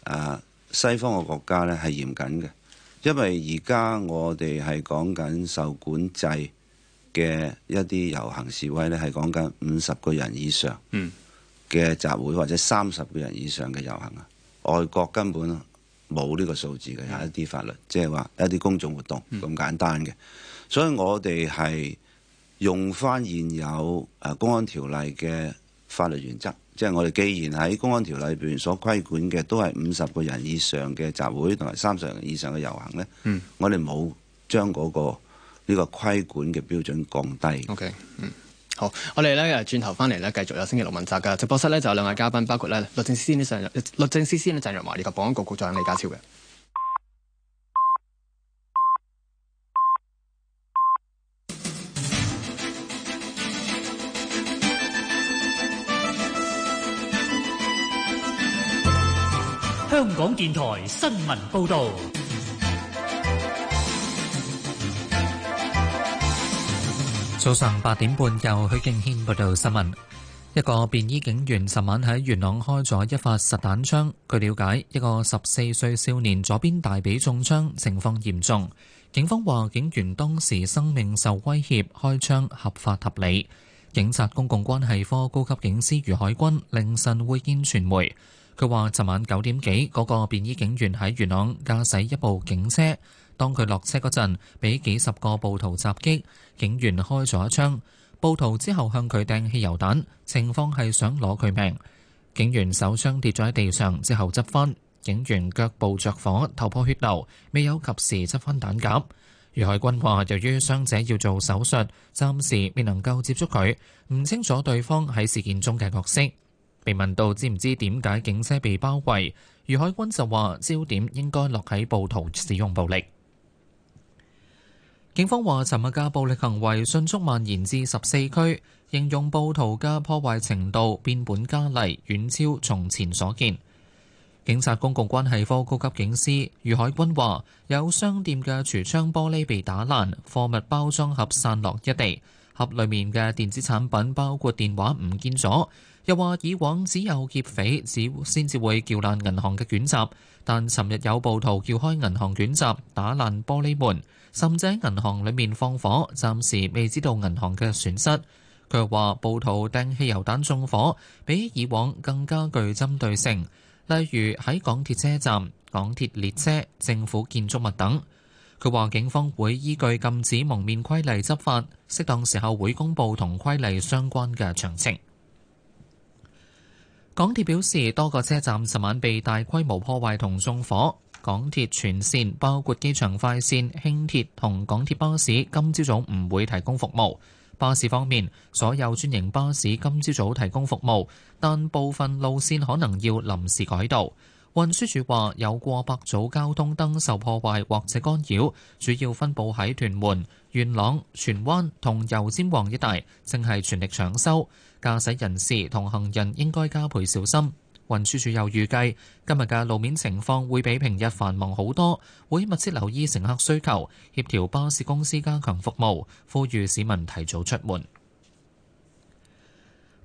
[SPEAKER 7] 呃西方嘅國家咧係嚴謹嘅，因為而家我哋係講緊受管制嘅一啲遊行示威咧，係講緊五十個人以上嘅集會或者三十個人以上嘅遊行啊。外國根本冇呢個數字嘅、嗯、一啲法律，即係話一啲公眾活動咁、嗯、簡單嘅，所以我哋係用返現有啊公安條例嘅法律原則。即係我哋既然喺公安條例裏邊所規管嘅都係五十個人以上嘅集會同埋三十人以上嘅遊行咧，嗯、我哋冇將嗰個呢個規管嘅標準降低。OK，嗯，
[SPEAKER 4] 好，我哋咧轉頭翻嚟咧，繼續有星期六問責嘅直播室咧，就有兩位嘉賓，包括咧律政司司長律政司司長鄭若驊以及保安局局長李家超嘅。
[SPEAKER 1] 香港電台新聞報道。早上八點半由許敬軒報道新聞。一個便衣警員尋晚喺元朗開咗一發實彈槍。據了解，一個十四歲少年左邊大髀中槍，情況嚴重。警方話警員當時生命受威脅，開槍合法合理。警察公共關係科高級警司余海軍凌晨會見傳媒。佢話：他說昨晚九點幾，嗰、那個便衣警員喺元朗駕駛一部警車，當佢落車嗰陣，俾幾十個暴徒襲擊，警員開咗一槍，暴徒之後向佢掟汽油彈，情況係想攞佢命。警員手槍跌咗喺地上之後執翻，警員腳部着火、頭破血流，未有及時執翻彈夾。余海君話：由於傷者要做手術，暫時未能夠接觸佢，唔清楚對方喺事件中嘅角色。被問到知唔知點解警車被包圍，余海軍就話焦點應該落喺暴徒使用暴力。警方話，尋日嘅暴力行為迅速蔓延至十四區，形容暴徒嘅破壞程度變本加厲，遠超從前所見。警察公共關係科高級警司余海軍話：有商店嘅櫥窗玻璃被打爛，貨物包裝盒散落一地，盒裡面嘅電子產品包括電話唔見咗。又話以往只有劫匪只先至會撬爛銀行嘅捲閘，但尋日有暴徒撬開銀行捲閘，打爛玻璃門，甚至喺銀行裏面放火。暫時未知道銀行嘅損失。佢又話，暴徒掟汽油彈縱火，比以往更加具針對性，例如喺港鐵車站、港鐵列車、政府建築物等。佢話，警方會依據禁止蒙面規例執法，適當時候會公布同規例相關嘅詳情。港鐵表示，多個車站尋晚被大規模破壞同縱火，港鐵全線包括機場快線、輕鐵同港鐵巴士今朝早唔會提供服務。巴士方面，所有專營巴士今朝早提供服務，但部分路線可能要臨時改道。運輸署話有過百組交通燈受破壞或者干擾，主要分布喺屯門、元朗、荃灣同油尖旺一帶，正係全力搶修。駕駛人士同行人應該加倍小心。運輸署又預計今日嘅路面情況會比平日繁忙好多，會密切留意乘客需求，協調巴士公司加強服務，呼籲市民提早出門。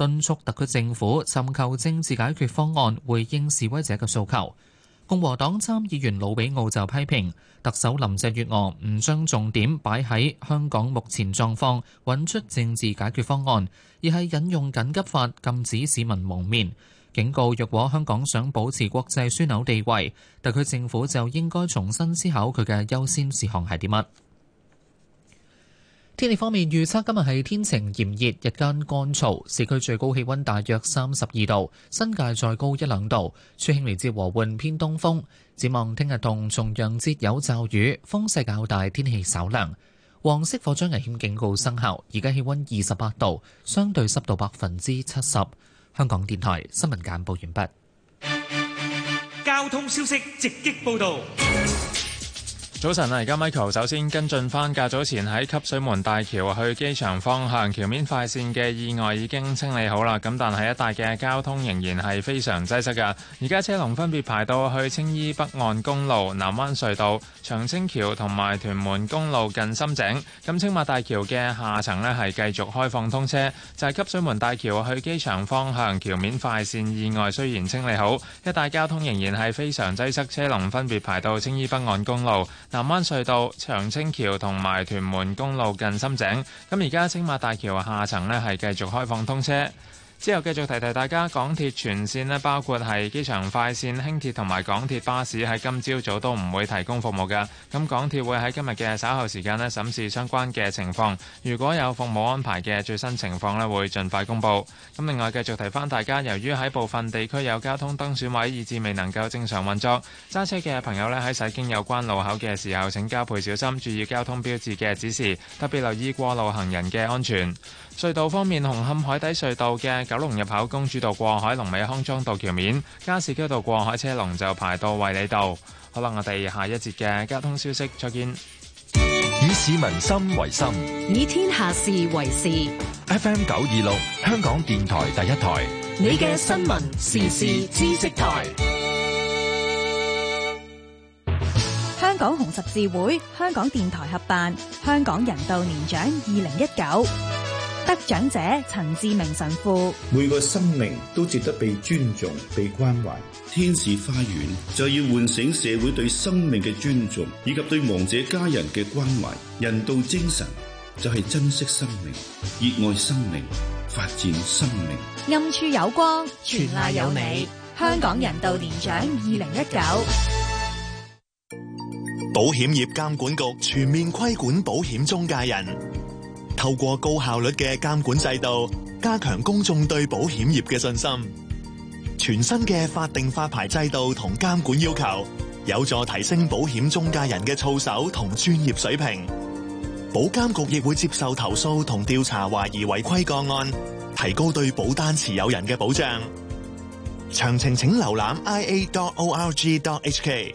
[SPEAKER 1] 敦促特區政府尋求政治解決方案，回應示威者嘅訴求。共和黨參議員魯比奧就批評，特首林鄭月娥唔將重點擺喺香港目前狀況，揾出政治解決方案，而係引用緊急法禁止市民蒙面，警告若果香港想保持國際樞紐地位，特區政府就應該重新思考佢嘅優先事項係點乜。天氣方面預測今日係天晴炎熱，日間乾燥，市區最高氣溫大約三十二度，新界再高一兩度，吹輕微至和緩偏東風。展望聽日同重陽節有驟雨，風勢較大，天氣稍涼。黃色火災危險警告生效，而家氣溫二十八度，相對濕度百分之七十。香港電台新聞簡報完畢。交通消息直擊報道。
[SPEAKER 2] 早晨啊，而家 Michael 首先跟進翻，較早前喺汲水門大橋去機場方向橋面快線嘅意外已經清理好啦。咁但係一帶嘅交通仍然係非常擠塞㗎。而家車龍分別排到去青衣北岸公路、南灣隧道、長青橋同埋屯門公路近深井。咁青馬大橋嘅下層咧係繼續開放通車，就係、是、汲水門大橋去機場方向橋面快線意外雖然清理好，一帶交通仍然係非常擠塞，車龍分別排到青衣北岸公路。南灣隧道、長青橋同埋屯門公路近深井，咁而家青馬大橋下層呢係繼續開放通車。之後繼續提提大家，港鐵全線包括係機場快線、輕鐵同埋港鐵巴士，喺今朝早早都唔會提供服務嘅。咁港鐵會喺今日嘅稍後時間咧審視相關嘅情況，如果有服務安排嘅最新情況咧，會盡快公佈。咁另外繼續提翻大家，由於喺部分地區有交通燈損毀，以致未能夠正常運作。揸車嘅朋友咧喺駛經有關路口嘅時候請加倍小心，注意交通標誌嘅指示，特別留意過路行人嘅安全。隧道方面，紅磡海底隧道嘅九龍入口公主道過海，龍尾康莊道橋面，加士居道過海車龍就排到衛理道。好啦，我哋下一節嘅交通消息，再見。以市民心為心，
[SPEAKER 1] 以天下事為事。
[SPEAKER 3] FM 九二六，香港電台第一台，
[SPEAKER 1] 你嘅新聞
[SPEAKER 8] 時事知識台。
[SPEAKER 1] 香港紅十字會、香港電台合辦香港人道年獎二零一九。
[SPEAKER 5] 得獎者陳志明神父，
[SPEAKER 3] 每個生命都值得被尊重、被關懷。天使花園就要喚醒社會對生命嘅尊重，以及對亡者家人嘅關懷。人道精神就係、是、珍惜生
[SPEAKER 7] 命、熱愛生命、發展生命。
[SPEAKER 1] 暗處有光，全賴有你。香港人道年獎二零一九，
[SPEAKER 6] 保險業監管局全面規管保險中介人。透過高效率嘅監管制度，加強公眾對保險業嘅信心。全新嘅法定發牌制度同監管要求，有助提升保險中介人嘅操守同專業水平。保監局亦會接受投訴同調查懷疑違規個案，提高對保單持有人嘅保障。詳情請瀏覽 i a dot o r g dot h k。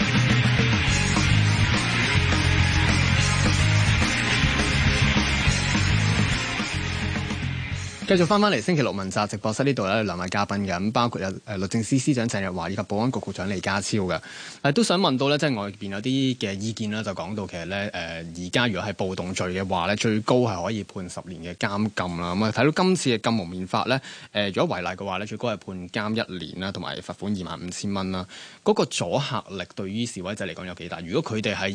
[SPEAKER 4] 繼續翻翻嚟星期六問責直播室呢度咧，這裡有兩位嘉賓嘅咁，包括有誒律政司司長鄭若驊以及保安局局，局長李家超嘅。誒、啊、都想問到咧，即係外邊有啲嘅意見啦，就講到其實咧，誒而家如果係暴動罪嘅話咧，最高係可以判十年嘅監禁啦。咁啊，睇到今次嘅《禁蒙面法》咧，誒、呃、如果違例嘅話咧，最高係判監一年啦，同埋罰款二萬五千蚊啦。嗰、那個阻嚇力對於示威者嚟講有幾大？如果佢哋係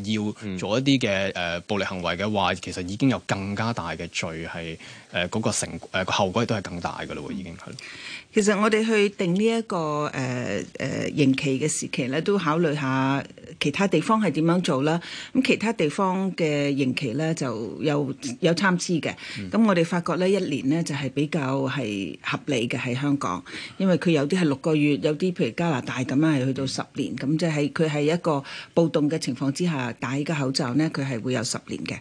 [SPEAKER 4] 要做一啲嘅誒暴力行為嘅話，嗯、其實已經有更加大嘅罪係誒嗰成誒個、呃、後。無歸都係更大嘅咯，已經係。
[SPEAKER 5] 其實我哋去定呢一個誒誒刑期嘅時期咧，都考慮下。其他地方係點樣做啦？咁其他地方嘅刑期咧就有有參差嘅。咁我哋發覺咧一年咧就係、是、比較係合理嘅喺香港，因為佢有啲係六個月，有啲譬如加拿大咁樣係去到十年。咁即係佢係一個暴動嘅情況之下戴個口罩咧，佢係會有十年嘅。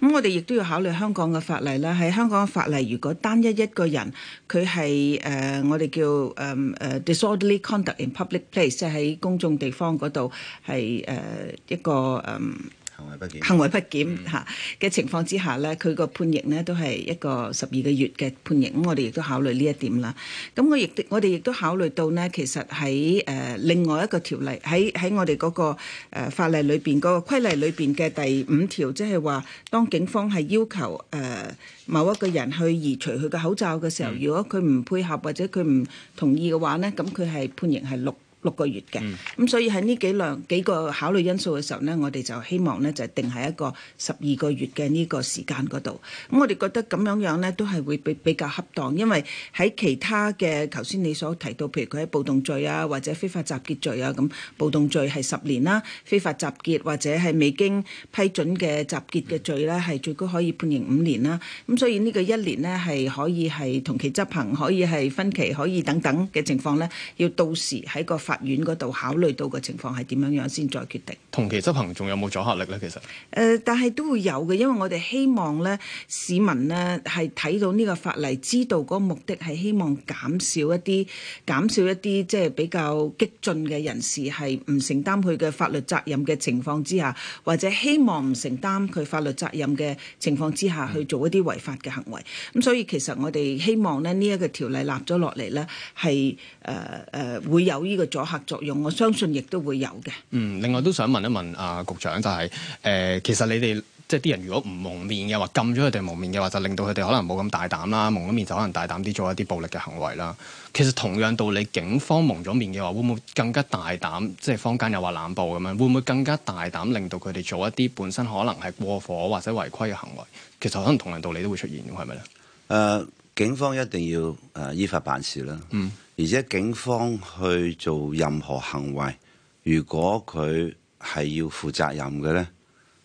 [SPEAKER 5] 咁我哋亦都要考慮香港嘅法例啦。喺香港嘅法例，如果單一一個人佢係、uh，我哋叫、um, uh, disorderly conduct in public place，即係喺公眾地方嗰度係。誒、呃、一個誒、嗯、行為不檢，行為不檢吓嘅情況之下咧，佢個判刑呢都係一個十二個月嘅判刑。咁我哋亦都考慮呢一點啦。咁我亦我哋亦都考慮到呢，其實喺誒、呃、另外一個條例，喺喺我哋嗰、那個、呃、法例裏邊、嗰、那個規例裏邊嘅第五條，即係話當警方係要求誒、呃、某一個人去移除佢嘅口罩嘅時候，嗯、如果佢唔配合或者佢唔同意嘅話呢，咁佢係判刑係六六個月嘅，咁所以喺呢幾兩幾個考慮因素嘅時候呢，我哋就希望呢就定喺一個十二個月嘅呢個時間嗰度。咁我哋覺得咁樣樣呢都係會比比較恰當，因為喺其他嘅頭先你所提到，譬如佢喺暴動罪啊或者非法集結罪啊咁，暴動罪係十年啦，非法集結或者係未經批准嘅集結嘅罪呢，係最高可以判刑五年啦。咁所以呢個一年呢，係可以係同期執行，可以係分期，可以等等嘅情況呢，要到時喺個。法院嗰度考慮到嘅情況係點樣樣先再決定
[SPEAKER 4] 同期執行。仲有冇阻吓力咧？其實誒、呃，
[SPEAKER 5] 但係都會有嘅，因為我哋希望咧市民咧係睇到呢個法例，知道個目的係希望減少一啲減少一啲即係比較激進嘅人士係唔承擔佢嘅法律責任嘅情況之下，或者希望唔承擔佢法律責任嘅情況之下去做一啲違法嘅行為，咁、嗯、所以其實我哋希望咧呢一個條例立咗落嚟咧係誒誒會有呢個。阻嚇作用，我相信亦都會有嘅。
[SPEAKER 4] 嗯，另外都想問一問啊，局長就係誒，其實你哋即係啲人如果唔蒙面嘅話，禁咗佢哋蒙面嘅話，就令到佢哋可能冇咁大膽啦。蒙咗面就可能大膽啲做一啲暴力嘅行為啦。其實同樣道理，警方蒙咗面嘅話，會唔會更加大膽？即係坊間又話濫暴咁樣，會唔會更加大膽，令到佢哋做一啲本身可能係過火或者違規嘅行為？其實可能同樣道理都會出現，係咪咧？
[SPEAKER 7] 誒，警方一定要誒依法辦事啦。嗯。而且警方去做任何行為，如果佢係要負責任嘅咧，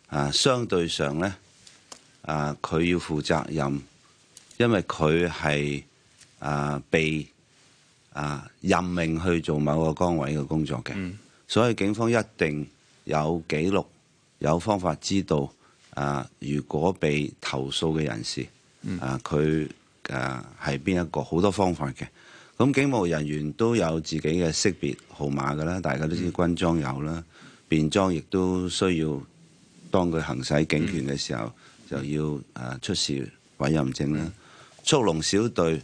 [SPEAKER 7] 啊，相對上咧，啊，佢要負責任，因為佢係啊被啊任命去做某個崗位嘅工作嘅，嗯、所以警方一定有記錄，有方法知道啊，如果被投訴嘅人士啊，佢啊係邊一個，好多方法嘅。咁警務人員都有自己嘅識別號碼噶啦，大家都知軍裝有啦，嗯、便裝亦都需要當佢行使警權嘅時候，嗯、就要誒出示委任證啦。嗯、速龍小隊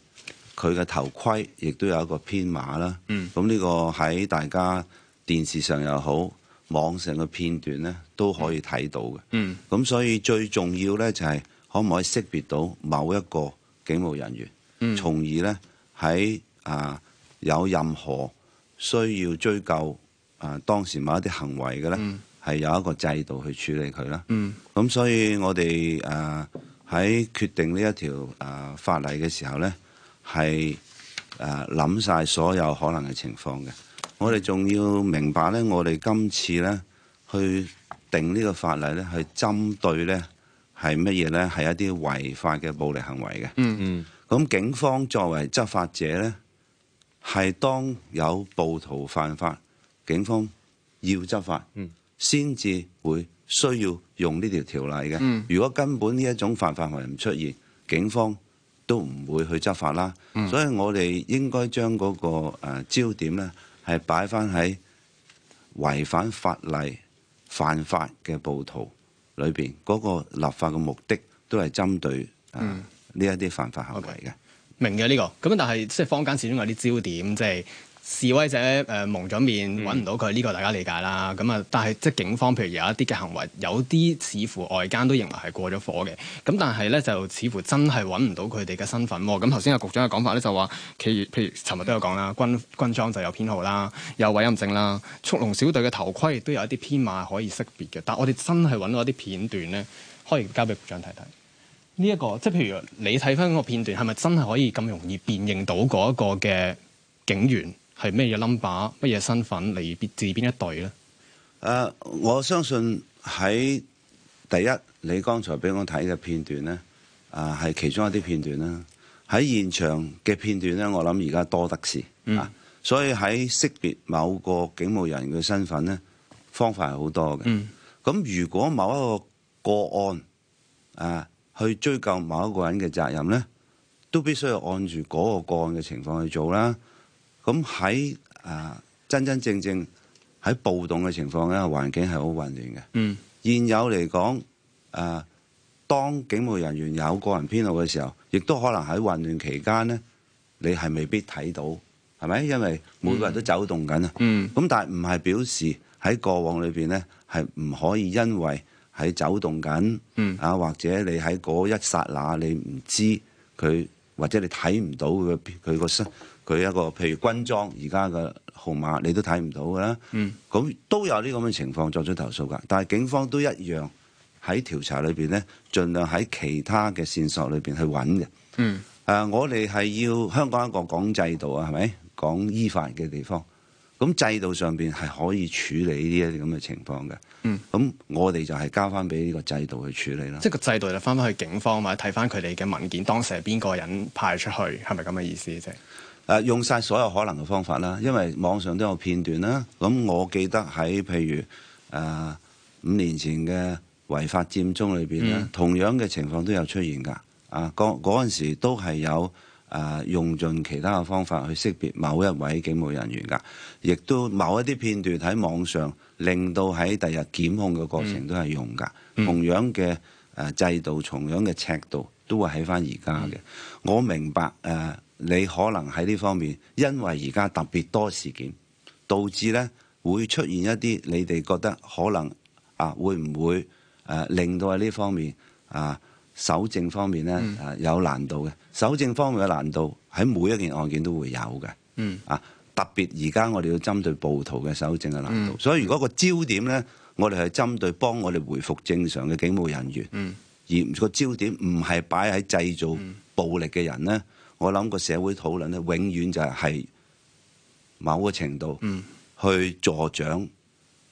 [SPEAKER 7] 佢嘅頭盔亦都有一個編碼啦。咁呢、嗯、個喺大家電視上又好，網上嘅片段呢都可以睇到嘅。嗯。咁所以最重要呢，就係可唔可以識別到某一個警務人員，嗯、從而呢喺啊，有任何需要追究啊，當時某一啲行為嘅呢係、嗯、有一個制度去處理佢啦。咁、嗯、所以我哋啊喺決定呢一條啊法例嘅時候呢係啊諗晒所有可能嘅情況嘅。我哋仲要明白呢我哋今次呢去定呢個法例呢去針對呢係乜嘢呢？係一啲違法嘅暴力行為嘅。咁、嗯嗯、警方作為執法者呢。係當有暴徒犯法，警方要執法，先至會需要用呢條條例嘅。如果根本呢一種犯法行為唔出現，警方都唔會去執法啦。所以我哋應該將嗰個誒焦點呢，係擺翻喺違反法例犯法嘅暴徒裏邊。嗰個立法嘅目的都係針對誒呢一啲犯法行為嘅。
[SPEAKER 4] 明嘅呢個，咁但係即係坊間始終有啲焦點，即係示威者誒蒙咗面，揾唔到佢，呢個大家理解啦。咁啊，但係即係警方譬如有一啲嘅行為，有啲似乎外間都認為係過咗火嘅。咁但係咧，就似乎真係揾唔到佢哋嘅身份啊。咁頭先阿局長嘅講法咧，就話譬如譬如尋日都有講啦，嗯、軍軍裝就有編號啦，有委任證啦，速龍小隊嘅頭盔亦都有一啲編碼可以識別嘅。但係我哋真係揾到一啲片段咧，可以交俾局長睇睇。呢一，這個即係譬如你睇翻嗰個片段，係咪真係可以咁容易辨認到嗰一個嘅警員係咩嘢 number，乜嘢身份嚟自邊一隊咧？誒、呃，
[SPEAKER 7] 我相信喺第一，你剛才俾我睇嘅片段咧，誒、呃、係其中一啲片段啦。喺現場嘅片段咧，我諗而家多得是，嗯、啊。所以喺識別某個警務人員嘅身份咧，方法係好多嘅。咁、嗯、如果某一個個案啊，去追究某一個人嘅責任呢，都必須要按住嗰個個案嘅情況去做啦。咁喺啊真真正正喺暴動嘅情況呢，環境係好混亂嘅。嗯，現有嚟講啊，當警務人員有個人編號嘅時候，亦都可能喺混亂期間呢，你係未必睇到，係咪？因為每個人都走動緊啊。咁、嗯、但係唔係表示喺過往裏邊呢，係唔可以因為？喺走動緊，啊或者你喺嗰一剎那你唔知佢，或者你睇唔到佢佢、個身佢一個譬如軍裝而家嘅號碼，你都睇唔到㗎啦。咁、嗯、都有啲咁嘅情況作出投訴㗎，但係警方都一樣喺調查裏邊咧，盡量喺其他嘅線索裏邊去揾嘅。誒、嗯啊，我哋係要香港一個講制度啊，係咪講依法嘅地方？咁制度上邊係可以處理呢啲咁嘅情況嘅，嗯，咁我哋就係交翻俾呢個制度去處理啦。即
[SPEAKER 4] 係個制度就翻翻去警方或者睇翻佢哋嘅文件，當時係邊個人派出去，係咪咁嘅意思啫？誒，用晒
[SPEAKER 7] 所有可能嘅方法啦，因為網上都有片段啦。咁我記得喺譬如誒五年前嘅違法佔中裏邊咧，嗯、同樣嘅情況都有出現噶。啊，嗰嗰陣時都係有。啊、用盡其他嘅方法去識別某一位警務人員㗎，亦都某一啲片段喺網上，令到喺第日檢控嘅過程都係用㗎。Mm. 同樣嘅制度，同樣嘅尺度，都會喺返而家嘅。Mm. 我明白、啊、你可能喺呢方面，因為而家特別多事件，導致呢會出現一啲你哋覺得可能啊，會唔會、啊、令到喺呢方面啊搜證方面呢、啊、有難度嘅？搜證方面嘅難度喺每一件案件都會有嘅，啊、嗯、特別而家我哋要針對暴徒嘅搜證嘅難度，嗯、所以如果個焦點咧，我哋係針對幫我哋回復正常嘅警務人員，嗯、而個焦點唔係擺喺製造暴力嘅人咧，嗯、我諗個社會討論咧，永遠就係某個程度去助長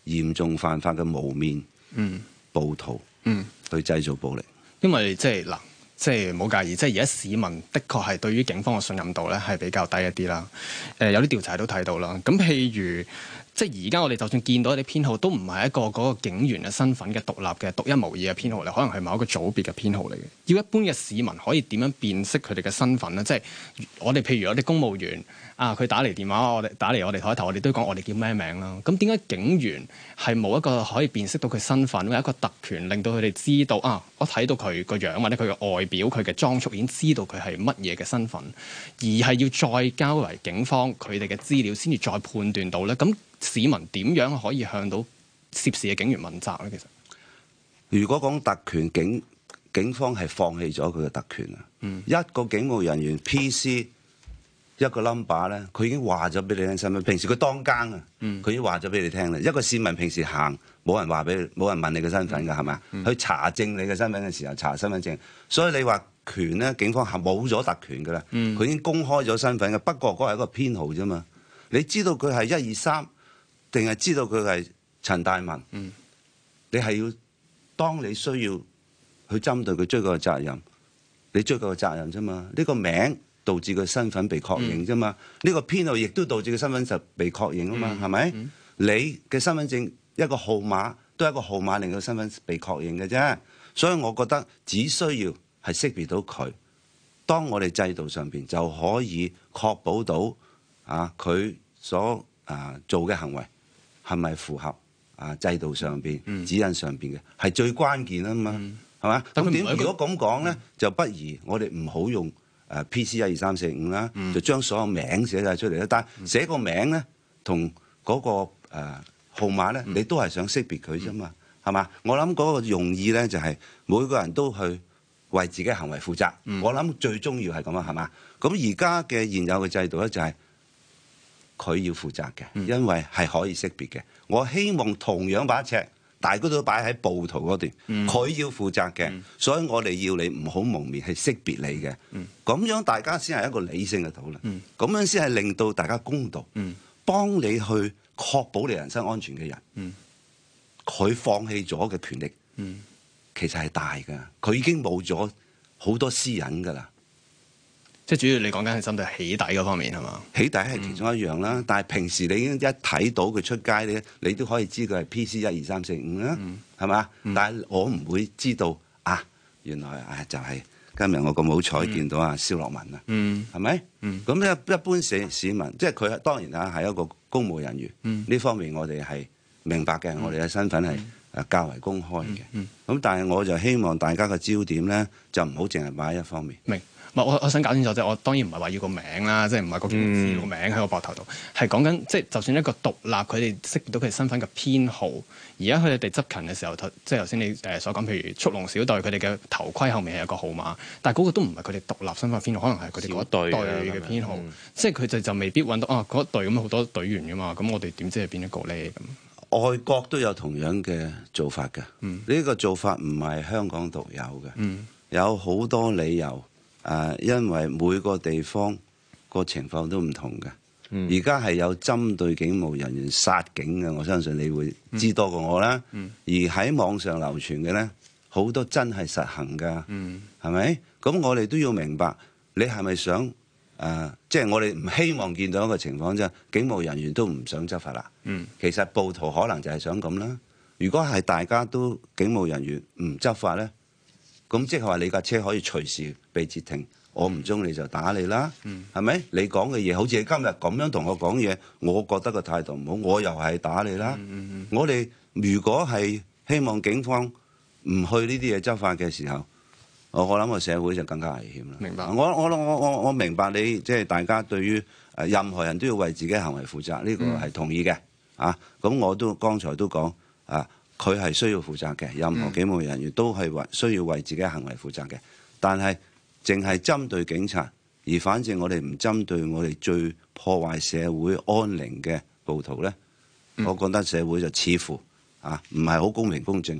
[SPEAKER 7] 嚴重犯法嘅無面暴徒，嗯、去製造暴力，嗯嗯
[SPEAKER 4] 嗯、因為即係嗱。即係唔好介意，即係而家市民的確係對於警方嘅信任度咧係比較低一啲啦。誒，有啲調查都睇到啦。咁譬如，即係而家我哋就算見到一啲編號，都唔係一個嗰個警員嘅身份嘅獨立嘅獨一無二嘅編號嚟，可能係某一個組別嘅編號嚟嘅。要一般嘅市民可以點樣辨識佢哋嘅身份咧？即係我哋譬如我哋公務員。啊！佢打嚟電話，打我哋打嚟我哋台頭，我哋都講我哋叫咩名啦。咁點解警員係冇一個可以辨識到佢身份，或者一個特權令到佢哋知道啊？我睇到佢個樣或者佢嘅外表、佢嘅裝束已經知道佢係乜嘢嘅身份，而係要再交嚟警方佢哋嘅資料先至再判斷到咧。咁市民點樣可以向到涉事嘅警員問責咧？其實，
[SPEAKER 7] 如果講特權警警方係放棄咗佢嘅特權啊，嗯、一個警務人員 PC。一個 number 咧，佢已經話咗俾你聽身份。平時佢當更啊，佢已經話咗俾你聽啦。嗯、一個市民平時行，冇人話俾，冇人問你嘅身份㗎，係咪、嗯、去查證你嘅身份嘅時候，查身份證。所以你話權咧，警方冇咗特權㗎啦。佢、嗯、已經公開咗身份嘅，不過嗰係一個編號啫嘛。你知道佢係一二三，定係知道佢係陳大文？嗯、你係要當你需要去針對佢追究嘅責任，你追究嘅責任啫嘛。呢、呢個名，導致佢身份被確認啫嘛、嗯，呢、呢個編號亦都導致佢身份就被確認啊嘛，係咪？你嘅身份證一個號碼都係一個號碼令個身份被確認嘅啫，所以我覺得只需要係識別到佢，當我哋制度上邊就可以確保到啊佢所啊做嘅行為係咪符合啊制度上邊、嗯、指引上邊嘅，係最關鍵啊嘛，係嘛、嗯？咁點如果咁講呢，嗯、就不如我哋唔好用。誒 P.C. 一二三四五啦，就將所有名寫晒出嚟啦。但寫個名咧，同嗰個誒號碼咧，你都係想識別佢啫嘛，係嘛？我諗嗰個用意咧就係每個人都去為自己行為負責。我諗最終要係咁啊，係嘛？咁而家嘅現有嘅制度咧就係佢要負責嘅，因為係可以識別嘅。我希望同樣把尺。大家都擺喺暴徒嗰段，佢要負責嘅，嗯、所以我哋要你唔好蒙面，係識別你嘅，咁樣大家先係一個理性嘅討論，咁、嗯、樣先係令到大家公道，幫你去確保你人身安全嘅人，佢、嗯、放棄咗嘅權力，嗯、其實係大噶，佢已經冇咗好多私隱噶啦。即係主要你講緊係針對起底嗰方面係嘛？起底係其中一樣啦，但係平時你一睇到佢出街咧，你都可以知佢係 P C 一二三四五啦，係嘛？但係我唔會知道啊，原來唉就係今日我咁好彩見到阿蕭洛汶啦，係咪？咁一一般市市民，即係佢當然啦，係一個公務人員，呢方面我哋係明白嘅，我哋嘅身份係啊較為公開嘅。咁但係我就希望大家嘅焦點咧，就唔好淨係擺喺一方面。
[SPEAKER 4] 明。我我想搞清楚啫。我當然唔係話要個名啦，即係唔係個字名字個名喺我膊頭度，係講緊即係就算一個獨立，佢哋識別到佢哋身份嘅編號。而家佢哋執勤嘅時候，即係頭先你誒所講，譬如速龍小隊，佢哋嘅頭盔後面係有個號碼，但係嗰個都唔係佢哋獨立身份嘅編號，可能係佢哋嗰隊嘅編號。是是即係佢哋就未必揾到啊嗰隊咁好多隊員噶嘛，咁我哋點知係邊一個咧？外國都有同
[SPEAKER 7] 樣嘅做法㗎，呢、嗯、個做法唔係香港獨有嘅，嗯、有好多理由。啊、因為每個地方個情況都唔同嘅，而家係有針對警務人員殺警嘅，我相信你會知多過我啦。嗯、而喺網上流傳嘅呢，好多真係實行嘅，係咪、嗯？咁我哋都要明白，你係咪想啊？即、呃、係、就係、我哋唔希望見到一個情況啫，警務人員都唔想執法啦。嗯、其實暴徒可能就係想咁啦。如果係大家都警務人員唔執法呢？咁即係話你架車可以隨時被截停，我唔鍾你就打你啦，係咪、嗯？你講嘅嘢好似你今日咁樣同我講嘢，我覺得個態度唔好，我又係打你啦。嗯嗯嗯、我哋如果係希望警方唔去呢啲嘢執法嘅時候，我想我諗個社會就更加危險啦。明白。我我我我我明白你即係、就是、大家對於誒任何人都要為自己行為負責，呢、這個係同意嘅、嗯、啊。咁我都剛才都講啊。佢係需要負責嘅，任何警務人員都係為需要為自己嘅行為負責嘅。但係淨係針對警察，而反正我哋唔針對我哋最破壞社會安寧嘅暴徒呢。我覺得社會就似乎啊唔係好公平公正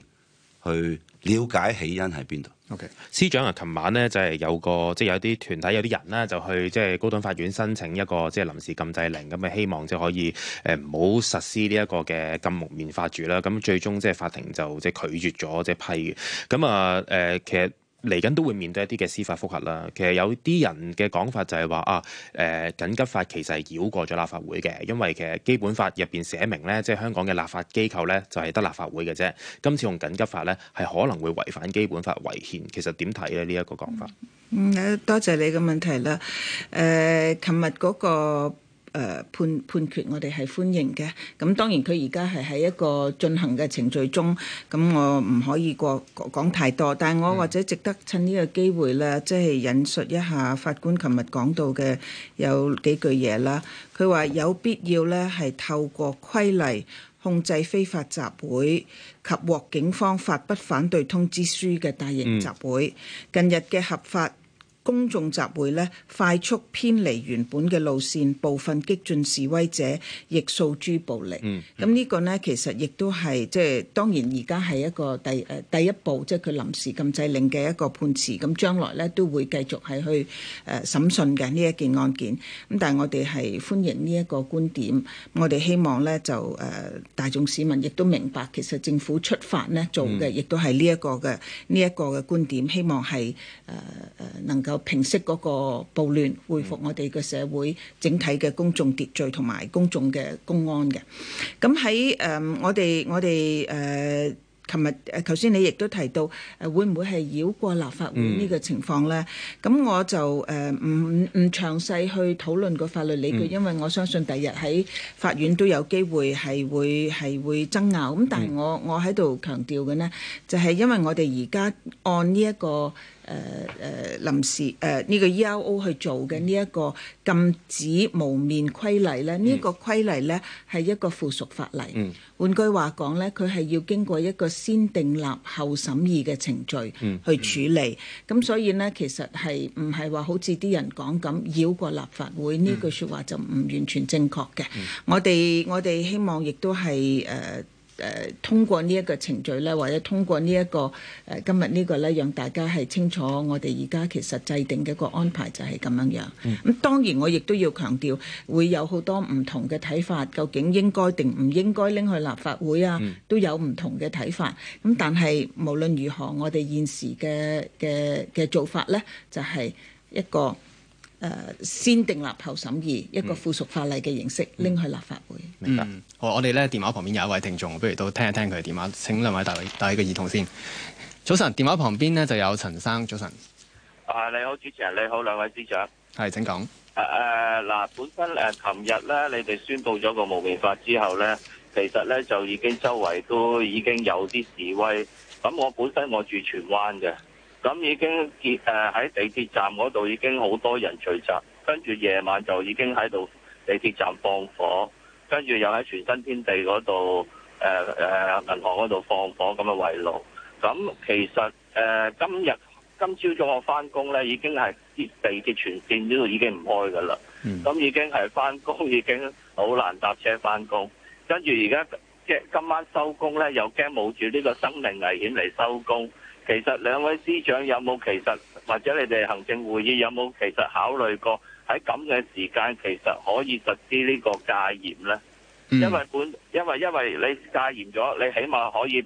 [SPEAKER 7] 去。了解起因喺邊度？OK，司長啊，琴晚
[SPEAKER 6] 咧就係有個即係有啲團體有啲人咧就去即係高等法院申請一個即係臨時禁制令咁嘅，希望即係可以誒唔好實施呢一個嘅禁蒙面法住啦。咁最終即係法庭就即係拒絕咗即係批嘅。咁啊誒，其實。嚟緊都會面對一啲嘅司法覆核啦。其實有啲人嘅講法就係、是、話啊，誒緊急法其實係繞過咗立法會嘅，因為其實基本法入邊寫明咧，即係香港嘅立法機構咧就係得立法會嘅啫。今次用緊急法咧係可能會違反基本法，違憲。其實點睇咧呢一、這個講
[SPEAKER 5] 法？嗯，多謝你嘅問題啦。誒、呃，琴日嗰個。誒、呃、判判決我哋係歡迎嘅，咁當然佢而家係喺一個進行嘅程序中，咁我唔可以過講太多，但係我或者值得趁，呢個機會咧，即、就、係、是、引述一下法官琴日講到嘅有幾句嘢啦。佢話有必要咧係透過規例控制非法集會及獲警方發，不反對通知書嘅大型集會，嗯、近日嘅合法公眾集會呢，快速偏離原本嘅路線，部分激進示威者亦訴諸暴力。咁呢個呢其實亦都係即係當然，而家係一個第誒第一步，即係佢臨時禁制令嘅一個判詞。咁將來呢都會繼續係去誒審訊嘅呢一件案件。咁但係我哋係歡迎呢一個觀點。我哋希望呢就誒大眾市民亦都明白，其實政府出發呢做嘅亦都係呢一個嘅呢一個嘅觀點，希望係誒誒能夠。平息嗰個暴亂，恢復我哋嘅社會整體嘅公眾秩序同埋公眾嘅公安嘅。咁喺誒，我哋我哋誒，琴、呃、日誒，頭、呃、先你亦都提到誒，會唔會係繞過立法會呢個情況咧？咁、嗯、我就誒唔唔詳細去討論個法律理據，嗯、因為我相信第日喺法院都有機會係會係會爭拗。咁但係我我喺度強調嘅呢，就係、是、因為我哋而家按呢、這、一個。誒誒、呃、臨時誒呢、呃這個 ERO 去做嘅呢一個禁止蒙面規例咧，呢、這個規例咧係一個附屬法例。換句話講咧，佢係要經過一個先訂立後審議嘅程序去處理。咁、嗯嗯、所以咧，其實係唔係話好似啲人講咁繞過立法會呢、嗯、句説話就唔完全正確嘅、嗯嗯。我哋我哋希望亦都係誒。呃誒通過呢一個程序呢，或者通過呢、這、一個誒、呃、今日呢、這個呢，讓大家係清楚我哋而家其實制定嘅個安排就係咁樣樣。咁、嗯、當然我亦都要強調會有好多唔同嘅睇法，究竟應該定唔應該拎去立法會啊，嗯、都有唔同嘅睇法。咁但係無論如何，我哋現時嘅嘅嘅做法呢，就係、是、一個。誒先訂立後審議一個附屬法例嘅形式拎、嗯、去立法會。明
[SPEAKER 4] 白。好，我我哋咧，電話旁邊有一位聽眾，不如都聽一聽佢嘅電話。請兩位戴、戴個耳筒先。早晨，電話旁邊呢就有陳生。早晨。
[SPEAKER 3] 啊，你好，主持人，你好，兩位司長。係，請講。誒嗱、啊呃，本身誒，琴日咧，你哋宣佈咗個蒙面法之後咧，其實咧就已經周圍都已經有啲示威。咁我本身我住荃灣嘅。咁已經結喺地鐵站嗰度已經好多人聚集，跟住夜晚就已經喺度地鐵站放火，跟住又喺全新天地嗰度誒誒銀行嗰度放火咁嘅圍爐。咁其實誒、呃、今日今朝早我翻工咧，已經係啲地鐵全線呢度已經唔開噶啦。咁、嗯、已經係翻工已經好難搭車翻工，跟住而家即今晚收工咧，又驚冒住呢個生命危險嚟收工。其實兩位司長有冇其實，或者你哋行政會議有冇其實考慮過喺咁嘅時間，其實可以實施呢個戒嚴呢？嗯、因為本因為因為你戒嚴咗，你起碼可以誒誒、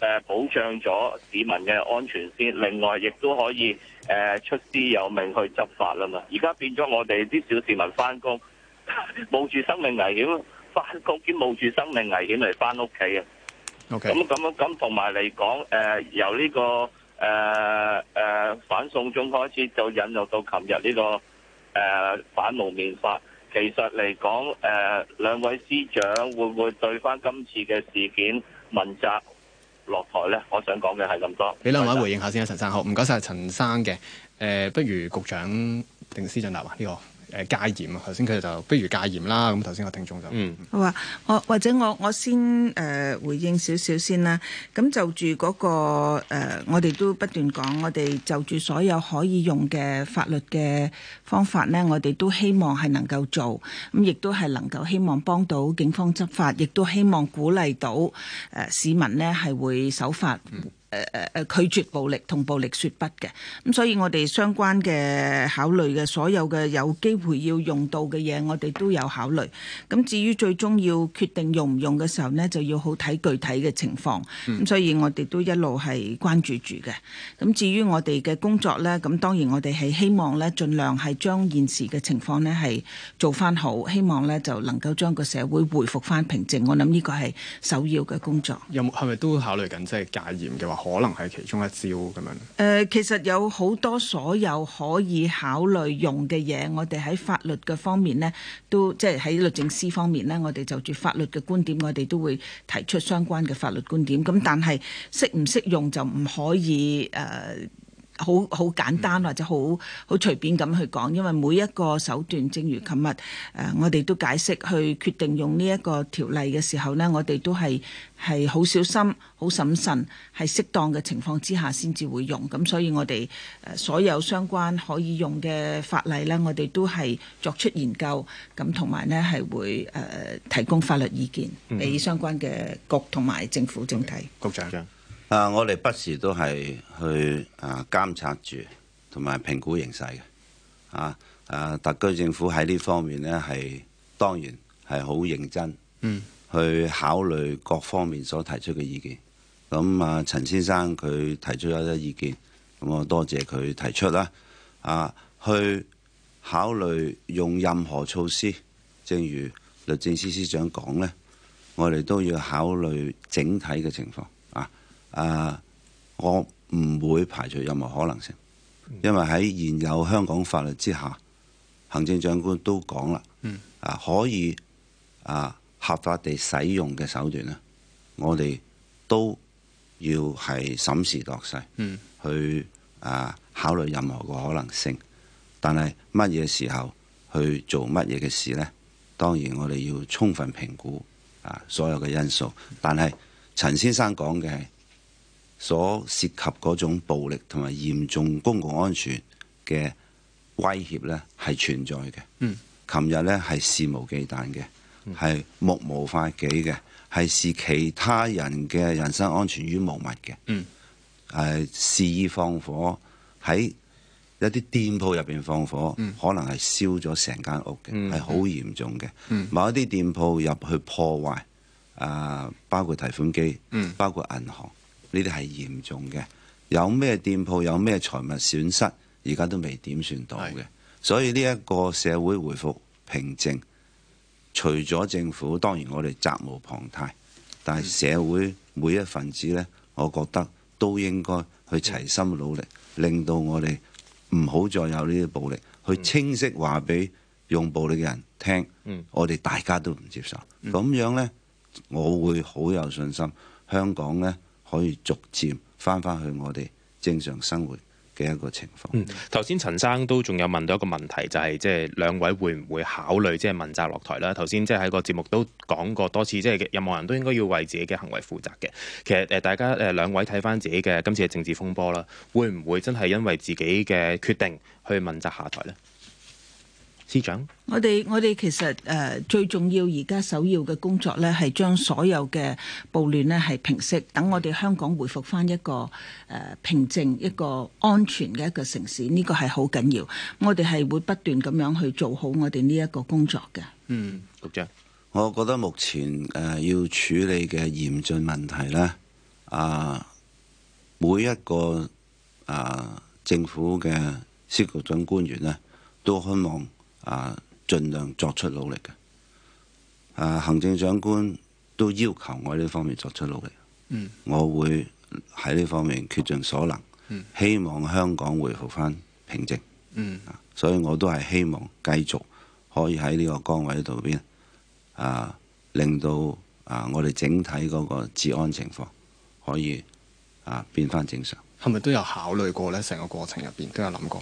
[SPEAKER 3] 呃、保障咗市民嘅安全先。另外，亦都可以誒、呃、出師有名去執法啊嘛。而家變咗我哋啲小市民返工冒住生命危險返工，兼冒住生命危險嚟返屋企啊！咁咁咁同埋嚟講，誒 Okay.、呃、由呢、這個誒誒、呃呃、反送中開始，就引入到琴日呢個誒、呃、反蒙面法。其實嚟講，誒、呃、兩位司長會唔會對翻今次嘅事件問責落台咧？我想講嘅係咁多。
[SPEAKER 4] 俾兩位回應下的陳先啊，陳生，好唔該晒陳生嘅。誒、呃，不如局長定司長答啊？呢、這個誒戒嚴啊！頭先佢就不如戒嚴啦。咁頭先個聽眾就
[SPEAKER 5] 話、嗯：我或者我我先誒、呃、回應少少先啦。咁就住嗰、嗰個、呃、我哋都不斷講，我哋就住所有可以用嘅法律嘅方法呢，我哋都希望係能夠做，咁亦都係能夠希望幫到警方執法，亦都希望鼓勵到誒、呃、市民呢係會守法。嗯誒誒誒拒絕暴力同暴力說不嘅，咁所以我哋相關嘅考慮嘅所有嘅有機會要用到嘅嘢，我哋都有考慮。咁至於最終要決定用唔用嘅時候呢，就要好睇具體嘅情況。咁所以我哋都一路係關注住嘅。咁至於我哋嘅工作呢，咁當然我哋係希望呢盡量係將現時嘅情況呢係做翻好，希望呢就能夠將個社會回復翻平靜。我諗呢個係首要嘅工作。有冇係咪都考慮緊即係戒嚴嘅話？可能係其中一招咁樣。誒、呃，其實有好多所有可以考慮用嘅嘢，我哋喺法律嘅方面呢，都即係喺律政司方面呢，我哋就住法律嘅觀點，我哋都會提出相關嘅法律觀點。咁但係識唔識用就唔可以誒、呃好好簡單或者好好隨便咁去講，因為每一個手段，正如琴日、呃、我哋都解釋，去決定用呢一個條例嘅時候呢，我哋都係好小心、好審慎，喺適當嘅情況之下先至會用。咁所以我哋、呃、所有相關可以用嘅法例呢，我哋都係作出研究，咁同埋呢係會、呃、提供法律意見俾相關嘅局同埋政府整體。Okay. 局長。
[SPEAKER 7] 啊！我哋不時都係去啊監察住同埋評估形勢嘅啊。啊，特區政府喺呢方面呢，係當然係好認真，嗯，去考慮各方面所提出嘅意見。咁啊，陳先生佢提出咗一啲意見，咁我多謝佢提出啦。啊，去考慮用任何措施，正如律政司司長講呢，我哋都要考慮整體嘅情況。啊！我唔會排除任何可能性，因為喺現有香港法律之下，行政長官都講啦，啊可以啊合法地使用嘅手段咧，我哋都要係審時度勢，去啊考慮任何個可能性。但係乜嘢時候去做乜嘢嘅事呢？當然我哋要充分評估啊所有嘅因素。但係陳先生講嘅，所涉及嗰種暴力同埋嚴重公共安全嘅威脅呢係存在嘅。琴、嗯、日呢係肆無忌憚嘅，係、嗯、目無法紀嘅，係視其他人嘅人身安全於無物嘅。係、嗯呃、肆意放火喺一啲店鋪入邊放火，嗯、可能係燒咗成間屋嘅，係好、嗯、嚴重嘅。嗯、某一啲店鋪入去破壞啊、呃，包括提款機，嗯、包括銀行。呢啲係嚴重嘅，有咩店鋪有咩財物損失，而家都未點算到嘅。是所以呢一個社會回復平靜，除咗政府，當然我哋責無旁貸，但係社會每一份子呢，我覺得都應該去齊心努力，令到我哋唔好再有呢啲暴力，去清晰話俾用暴力嘅人聽，我哋大家都唔接受。咁樣呢，我會好有信心，香港呢，可以逐漸翻返去我哋正常生活嘅一個情況。嗯，
[SPEAKER 6] 頭先陳生都仲有問到一個問題，就係即係兩位會唔會考慮即係問責落台啦？頭先即係喺個節目都講過多次，即係任何人都應該要為自己嘅行為負責嘅。其實誒，大家誒兩位睇翻自己嘅今次嘅政治風波啦，會唔會真係因為自己嘅決定去問責下台呢？司長，
[SPEAKER 5] 我哋我哋其實誒最重要而家首要嘅工作咧，係將所有嘅暴亂咧係平息，等我哋香港回復翻一個誒平靜、一個安全嘅一個城市，呢個係好緊要。我哋係會不斷咁樣去做好我哋呢一個工作嘅。嗯，局
[SPEAKER 7] 長，我覺得目前誒要處理嘅嚴峻問題咧，啊，每一個啊政府嘅司局長官員咧都希望。啊，儘量作出努力嘅。啊，行政長官都要求我呢方面作出努力。嗯，我會喺呢方面竭盡所能。嗯，希望香港回復翻平靜。嗯，啊，所以我都係希望繼續可以喺呢個崗位度邊啊，令到啊我哋整體嗰個治安情況可以啊變翻正常。
[SPEAKER 4] 係咪都有考慮過呢？成個過程入邊都有諗過。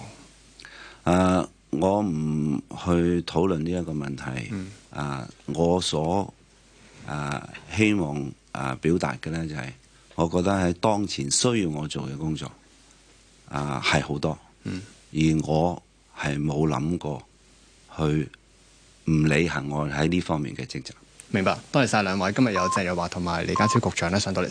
[SPEAKER 4] 誒，
[SPEAKER 7] 啊。我
[SPEAKER 4] 唔去討論呢一個問題。嗯、
[SPEAKER 7] 啊，我所啊希望啊表達嘅咧就係、是、我覺得喺當前需要我做嘅工作啊係好多，嗯、而我係冇諗過去唔履行
[SPEAKER 8] 我喺呢方面嘅職責。明白，多謝晒兩位，今日有鄭若驊同埋李家超局長咧上到嚟。